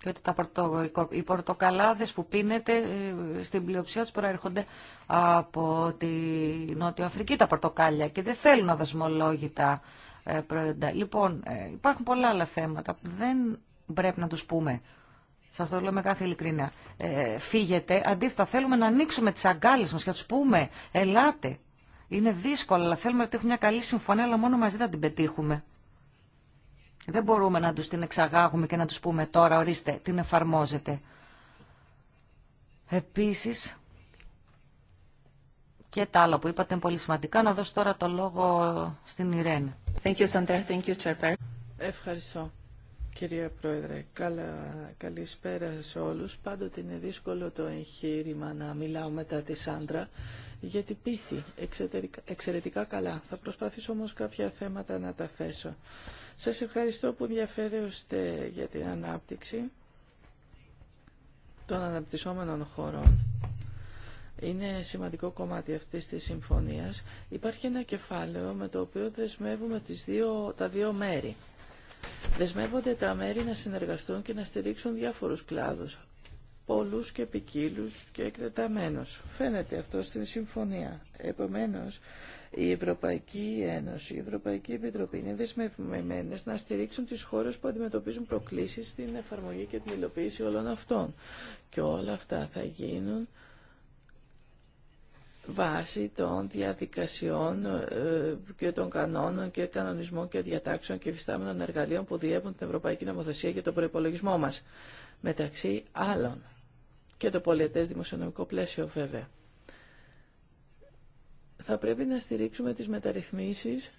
και ότι τα πορτο, οι πορτοκαλάδες που πίνετε στην πλειοψηφία τους προέρχονται από τη Νότια Αφρική τα πορτοκάλια και δεν θέλουν αδασμολόγητα ε, προϊόντα. Λοιπόν, ε, υπάρχουν πολλά άλλα θέματα που δεν πρέπει να τους πούμε. Σας το λέω με κάθε ειλικρίνεια. Ε, φύγετε. Αντίθετα, θέλουμε να ανοίξουμε τις αγκάλες μας και να τους πούμε, ελάτε. Είναι δύσκολο, αλλά θέλουμε να πετύχουμε μια καλή συμφωνία, αλλά μόνο μαζί θα την πετύχουμε. Δεν μπορούμε να τους την εξαγάγουμε και να τους πούμε τώρα, ορίστε, την εφαρμόζετε. Επίσης, και τα άλλα που είπατε είναι πολύ σημαντικά. Να δώσω τώρα το λόγο στην Ιρένη. Thank you, Sandra. Thank you, Ευχαριστώ. Κυρία Πρόεδρε, καλά, καλησπέρα σε όλους. Πάντοτε είναι δύσκολο το εγχείρημα να μιλάω μετά τη Σάντρα, γιατί πείθει εξαιρετικά καλά. Θα προσπαθήσω όμως κάποια θέματα να τα θέσω. Σας ευχαριστώ που ενδιαφέρεστε για την ανάπτυξη των αναπτυσσόμενων χωρών. Είναι σημαντικό κομμάτι αυτής της συμφωνίας. Υπάρχει ένα κεφάλαιο με το οποίο δεσμεύουμε τις δύο, τα δύο μέρη. Δεσμεύονται τα μέρη να συνεργαστούν και να στηρίξουν διάφορους κλάδους, πολλούς και επικύλους και εκτεταμένους. Φαίνεται αυτό στην συμφωνία. Επομένως, η Ευρωπαϊκή Ένωση, η Ευρωπαϊκή Επιτροπή είναι δεσμευμένες να στηρίξουν τις χώρες που αντιμετωπίζουν προκλήσεις στην εφαρμογή και την υλοποίηση όλων αυτών. Και όλα αυτά θα γίνουν βάσει των διαδικασιών ε, και των κανόνων και κανονισμών και διατάξεων και φυστάμενων εργαλείων που διέπουν την Ευρωπαϊκή Νομοθεσία για τον προπολογισμό μας. Μεταξύ άλλων και το πολιετές δημοσιονομικό πλαίσιο βέβαια θα πρέπει να στηρίξουμε τις μεταρρυθμίσεις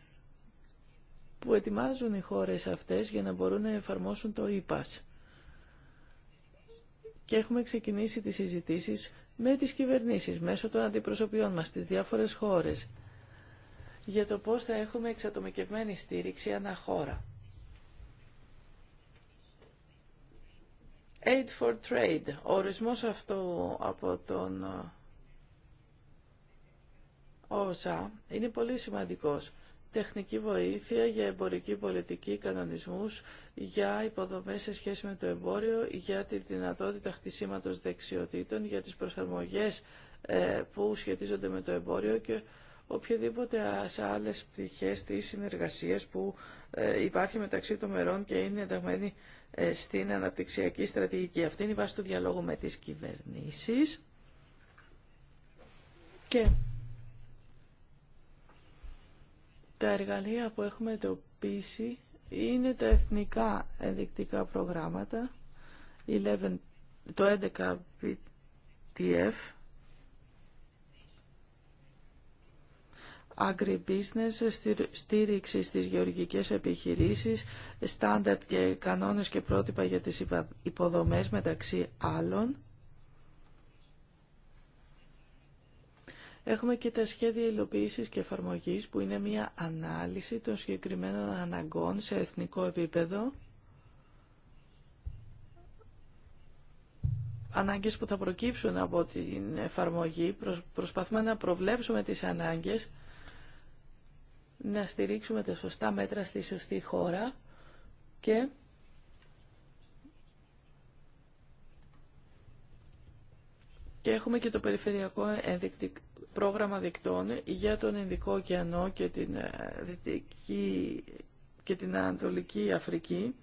που ετοιμάζουν οι χώρες αυτές για να μπορούν να εφαρμόσουν το ΙΠΑΣ. Και έχουμε ξεκινήσει τις συζητήσεις με τις κυβερνήσεις, μέσω των αντιπροσωπιών μας στις διάφορες χώρες, για το πώς θα έχουμε εξατομικευμένη στήριξη ανά χώρα. Aid for Trade, ο ορισμός αυτό από τον ΩΣΑ είναι πολύ σημαντικός. Τεχνική βοήθεια για εμπορική πολιτική, κανονισμούς, για υποδομές σε σχέση με το εμπόριο, για τη δυνατότητα χτισήματος δεξιοτήτων, για τις προσαρμογές ε, που σχετίζονται με το εμπόριο και οποιαδήποτε σε άλλες πτυχές της συνεργασίας που ε, υπάρχει μεταξύ των μερών και είναι ενταγμένη ε, στην αναπτυξιακή στρατηγική. Αυτή είναι η βάση του διαλόγου με τις κυβερνήσεις. Τα εργαλεία που έχουμε εντοπίσει είναι τα εθνικά ενδεικτικά προγράμματα, το 11 BTF, agribusiness, στήριξη στις γεωργικές επιχειρήσεις, στάνταρτ και κανόνες και πρότυπα για τις υποδομές μεταξύ άλλων Έχουμε και τα σχέδια υλοποίηση και εφαρμογή, που είναι μια ανάλυση των συγκεκριμένων αναγκών σε εθνικό επίπεδο. Ανάγκες που θα προκύψουν από την εφαρμογή. Προσπαθούμε να προβλέψουμε τις ανάγκες, να στηρίξουμε τα σωστά μέτρα στη σωστή χώρα και έχουμε και το περιφερειακό πρόγραμμα δικτών για τον Ινδικό ωκεανό και την, ε, Δυτική, και την Ανατολική Αφρική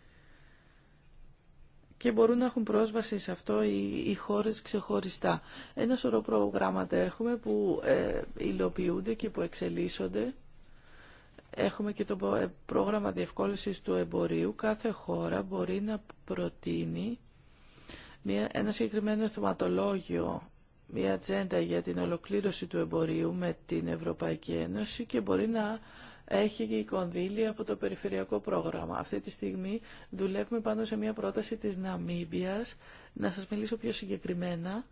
και μπορούν να έχουν πρόσβαση σε αυτό οι, χώρες ξεχωριστά. Ένα σωρό προγράμματα έχουμε που ε, υλοποιούνται και που εξελίσσονται. Έχουμε και το ε, πρόγραμμα διευκόλυσης του εμπορίου. Κάθε χώρα μπορεί να προτείνει μια, ένα συγκεκριμένο θεματολόγιο μια ατζέντα για την ολοκλήρωση του εμπορίου με την Ευρωπαϊκή Ένωση και μπορεί να έχει και η κονδύλια από το περιφερειακό πρόγραμμα. Αυτή τη στιγμή δουλεύουμε πάνω σε μια πρόταση της Ναμίμπιας. Να σας μιλήσω πιο συγκεκριμένα.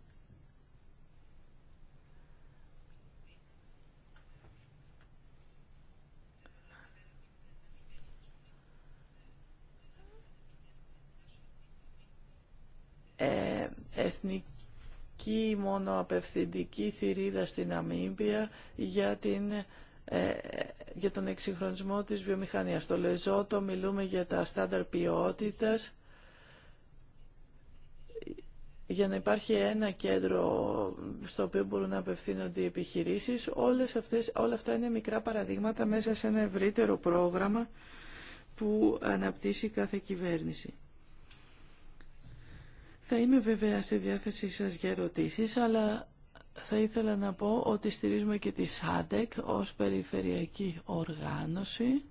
Ε, εθνική η μόνο απευθυντική θηρίδα στην Αμήμπια για, την, ε, για τον εξυγχρονισμό της βιομηχανίας. Στο Λεζότο μιλούμε για τα στάνταρ ποιότητας, για να υπάρχει ένα κέντρο στο οποίο μπορούν να απευθύνονται οι επιχειρήσεις. Όλες αυτές, όλα αυτά είναι μικρά παραδείγματα μέσα σε ένα ευρύτερο πρόγραμμα που αναπτύσσει κάθε κυβέρνηση. Θα είμαι βέβαια στη διάθεσή σας για ερωτήσεις, αλλά θα ήθελα να πω ότι στηρίζουμε και τη ΣΑΝΤΕΚ ως περιφερειακή οργάνωση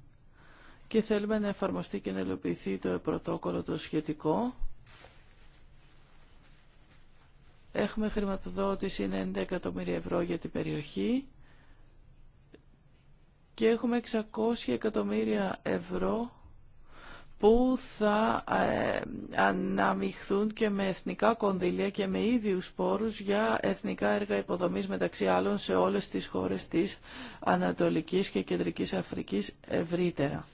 και θέλουμε να εφαρμοστεί και να ελοπιθεί το πρωτόκολλο το σχετικό. Έχουμε χρηματοδότηση 90 εκατομμύρια ευρώ για την περιοχή και έχουμε 600 εκατομμύρια ευρώ που θα ε, αναμειχθούν και με εθνικά κονδύλια και με ίδιους πόρους για εθνικά έργα υποδομής μεταξύ άλλων σε όλες τις χώρες της Ανατολικής και Κεντρικής Αφρικής ευρύτερα.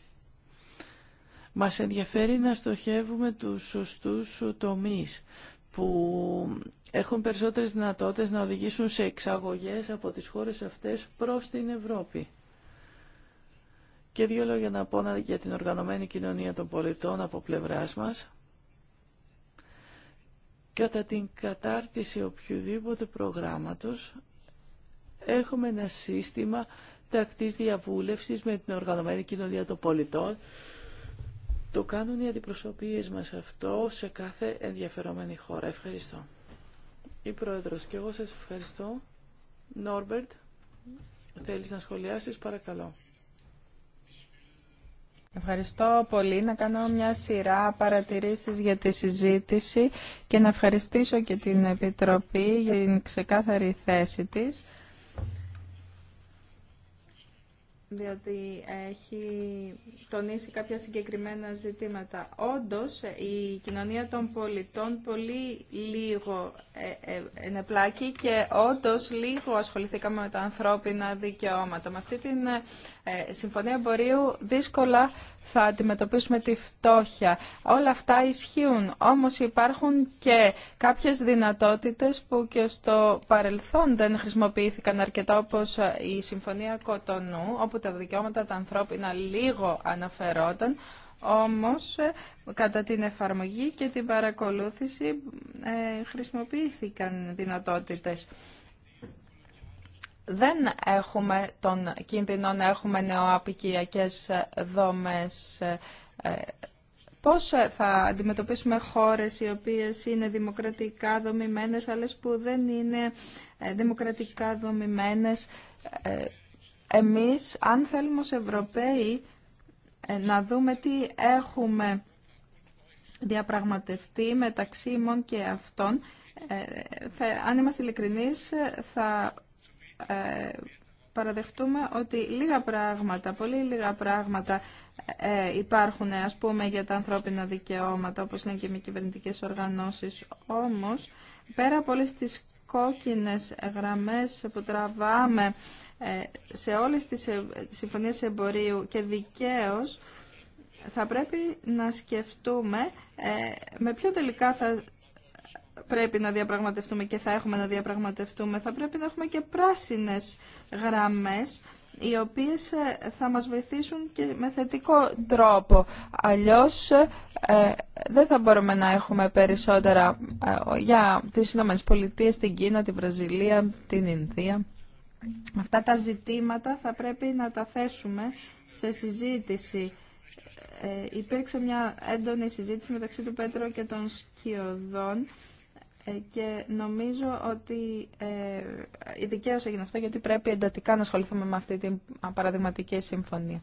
Μας ενδιαφέρει να στοχεύουμε τους σωστούς τομείς που έχουν περισσότερες δυνατότητες να οδηγήσουν σε εξαγωγές από τις χώρες αυτές προς την Ευρώπη. Και δύο λόγια να πω για την οργανωμένη κοινωνία των πολιτών από πλευράς μας. Κατά την κατάρτιση οποιοδήποτε προγράμματος έχουμε ένα σύστημα τακτής διαβούλευσης με την οργανωμένη κοινωνία των πολιτών. Το κάνουν οι αντιπροσωπείες μας αυτό σε κάθε ενδιαφερόμενη χώρα. Ευχαριστώ. Η Πρόεδρος και εγώ σας ευχαριστώ. Νόρμπερτ, θέλεις να σχολιάσεις, παρακαλώ. Ευχαριστώ πολύ. Να κάνω μια σειρά παρατηρήσεις για τη συζήτηση και να ευχαριστήσω και την Επιτροπή για την ξεκάθαρη θέση της, διότι έχει τονίσει κάποια συγκεκριμένα ζητήματα. Όντως, η κοινωνία των πολιτών πολύ λίγο ε, ε, ενεπλάκη και όντως λίγο ασχοληθήκαμε με τα ανθρώπινα δικαιώματα. Με αυτή την ε, ε, συμφωνία Εμπορίου δύσκολα θα αντιμετωπίσουμε τη φτώχεια. Όλα αυτά ισχύουν, όμως υπάρχουν και κάποιες δυνατότητες που και στο παρελθόν δεν χρησιμοποιήθηκαν αρκετά όπως ε, η Συμφωνία Κοτονού, όπου τα δικαιώματα τα ανθρώπινα λίγο αναφερόταν, όμως ε, κατά την εφαρμογή και την παρακολούθηση χρησιμοποιήθηκαν δυνατότητες δεν έχουμε τον κίνδυνο να έχουμε νεοαπικιακές δόμες. Ε, πώς θα αντιμετωπίσουμε χώρες οι οποίες είναι δημοκρατικά δομημένες, αλλά που δεν είναι ε, δημοκρατικά δομημένες. Ε, εμείς, αν θέλουμε ως Ευρωπαίοι να δούμε τι έχουμε διαπραγματευτεί μεταξύ μων και αυτών, αν είμαστε ειλικρινείς, θα ε, παραδεχτούμε ότι λίγα πράγματα, πολύ λίγα πράγματα ε, υπάρχουν ας πούμε για τα ανθρώπινα δικαιώματα όπως είναι και οι κυβερνητικέ οργανώσεις όμως πέρα από όλες τις κόκκινες γραμμές που τραβάμε ε, σε όλες τις συμφωνίες εμπορίου και δικαίως θα πρέπει να σκεφτούμε με ποιο τελικά θα πρέπει να διαπραγματευτούμε και θα έχουμε να διαπραγματευτούμε, θα πρέπει να έχουμε και πράσινες γραμμές οι οποίες ε, θα μας βοηθήσουν και με θετικό τρόπο. Αλλιώς ε, δεν θα μπορούμε να έχουμε περισσότερα ε, για τις Ηνωμένες Πολιτείες, την Κίνα, την Βραζιλία, την Ινδία. Αυτά τα ζητήματα θα πρέπει να τα θέσουμε σε συζήτηση. υπήρξε μια έντονη συζήτηση μεταξύ του Πέτρο και των Σκιωδών ε, και νομίζω ότι ε, δικαίωση έγινε αυτό γιατί πρέπει εντατικά να ασχοληθούμε με αυτή την παραδειγματική συμφωνία.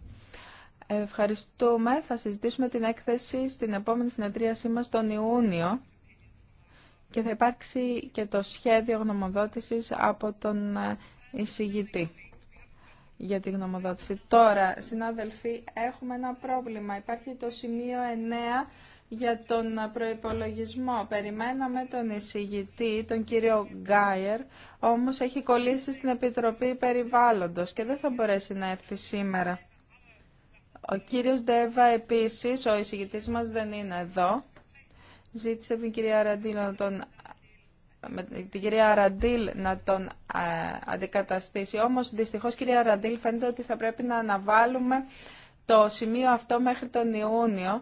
Ευχαριστούμε. Θα συζητήσουμε την έκθεση στην επόμενη συνεδρίασή μας τον Ιούνιο και θα υπάρξει και το σχέδιο γνωμοδότησης από τον ε, εισηγητή για τη γνωμοδότηση. Τώρα, συνάδελφοι, έχουμε ένα πρόβλημα. Υπάρχει το σημείο 9 για τον προϋπολογισμό. Περιμέναμε τον εισηγητή, τον κύριο Γκάιερ, όμως έχει κολλήσει στην Επιτροπή Περιβάλλοντος και δεν θα μπορέσει να έρθει σήμερα. Ο κύριος Ντέβα επίσης, ο εισηγητής μας δεν είναι εδώ. Ζήτησε την κυρία Ραντήλ να τον, κυρία να τον αντικαταστήσει. Όμως δυστυχώς κυρία Ραντήλ φαίνεται ότι θα πρέπει να αναβάλουμε το σημείο αυτό μέχρι τον Ιούνιο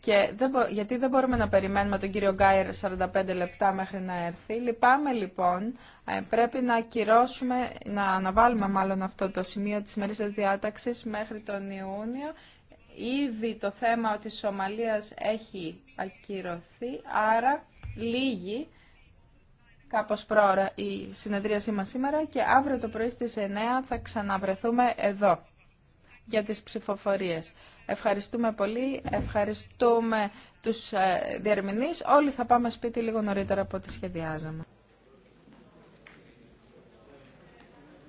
και δεν, γιατί δεν μπορούμε να περιμένουμε τον κύριο Γκάιερ 45 λεπτά μέχρι να έρθει. Λυπάμαι λοιπόν, ε, πρέπει να ακυρώσουμε, να αναβάλουμε μάλλον αυτό το σημείο της μερίσας διάταξης μέχρι τον Ιούνιο. Ήδη το θέμα της Σομαλίας έχει ακυρωθεί, άρα λίγη κάπως πρόωρα η συνεδρίασή μας σήμερα και αύριο το πρωί στις 9 θα ξαναβρεθούμε εδώ για τις ψηφοφορίες. Ευχαριστούμε πολύ. Ευχαριστούμε τους ε, διερμηνείς. Όλοι θα πάμε σπίτι λίγο νωρίτερα από ό,τι σχεδιάζαμε.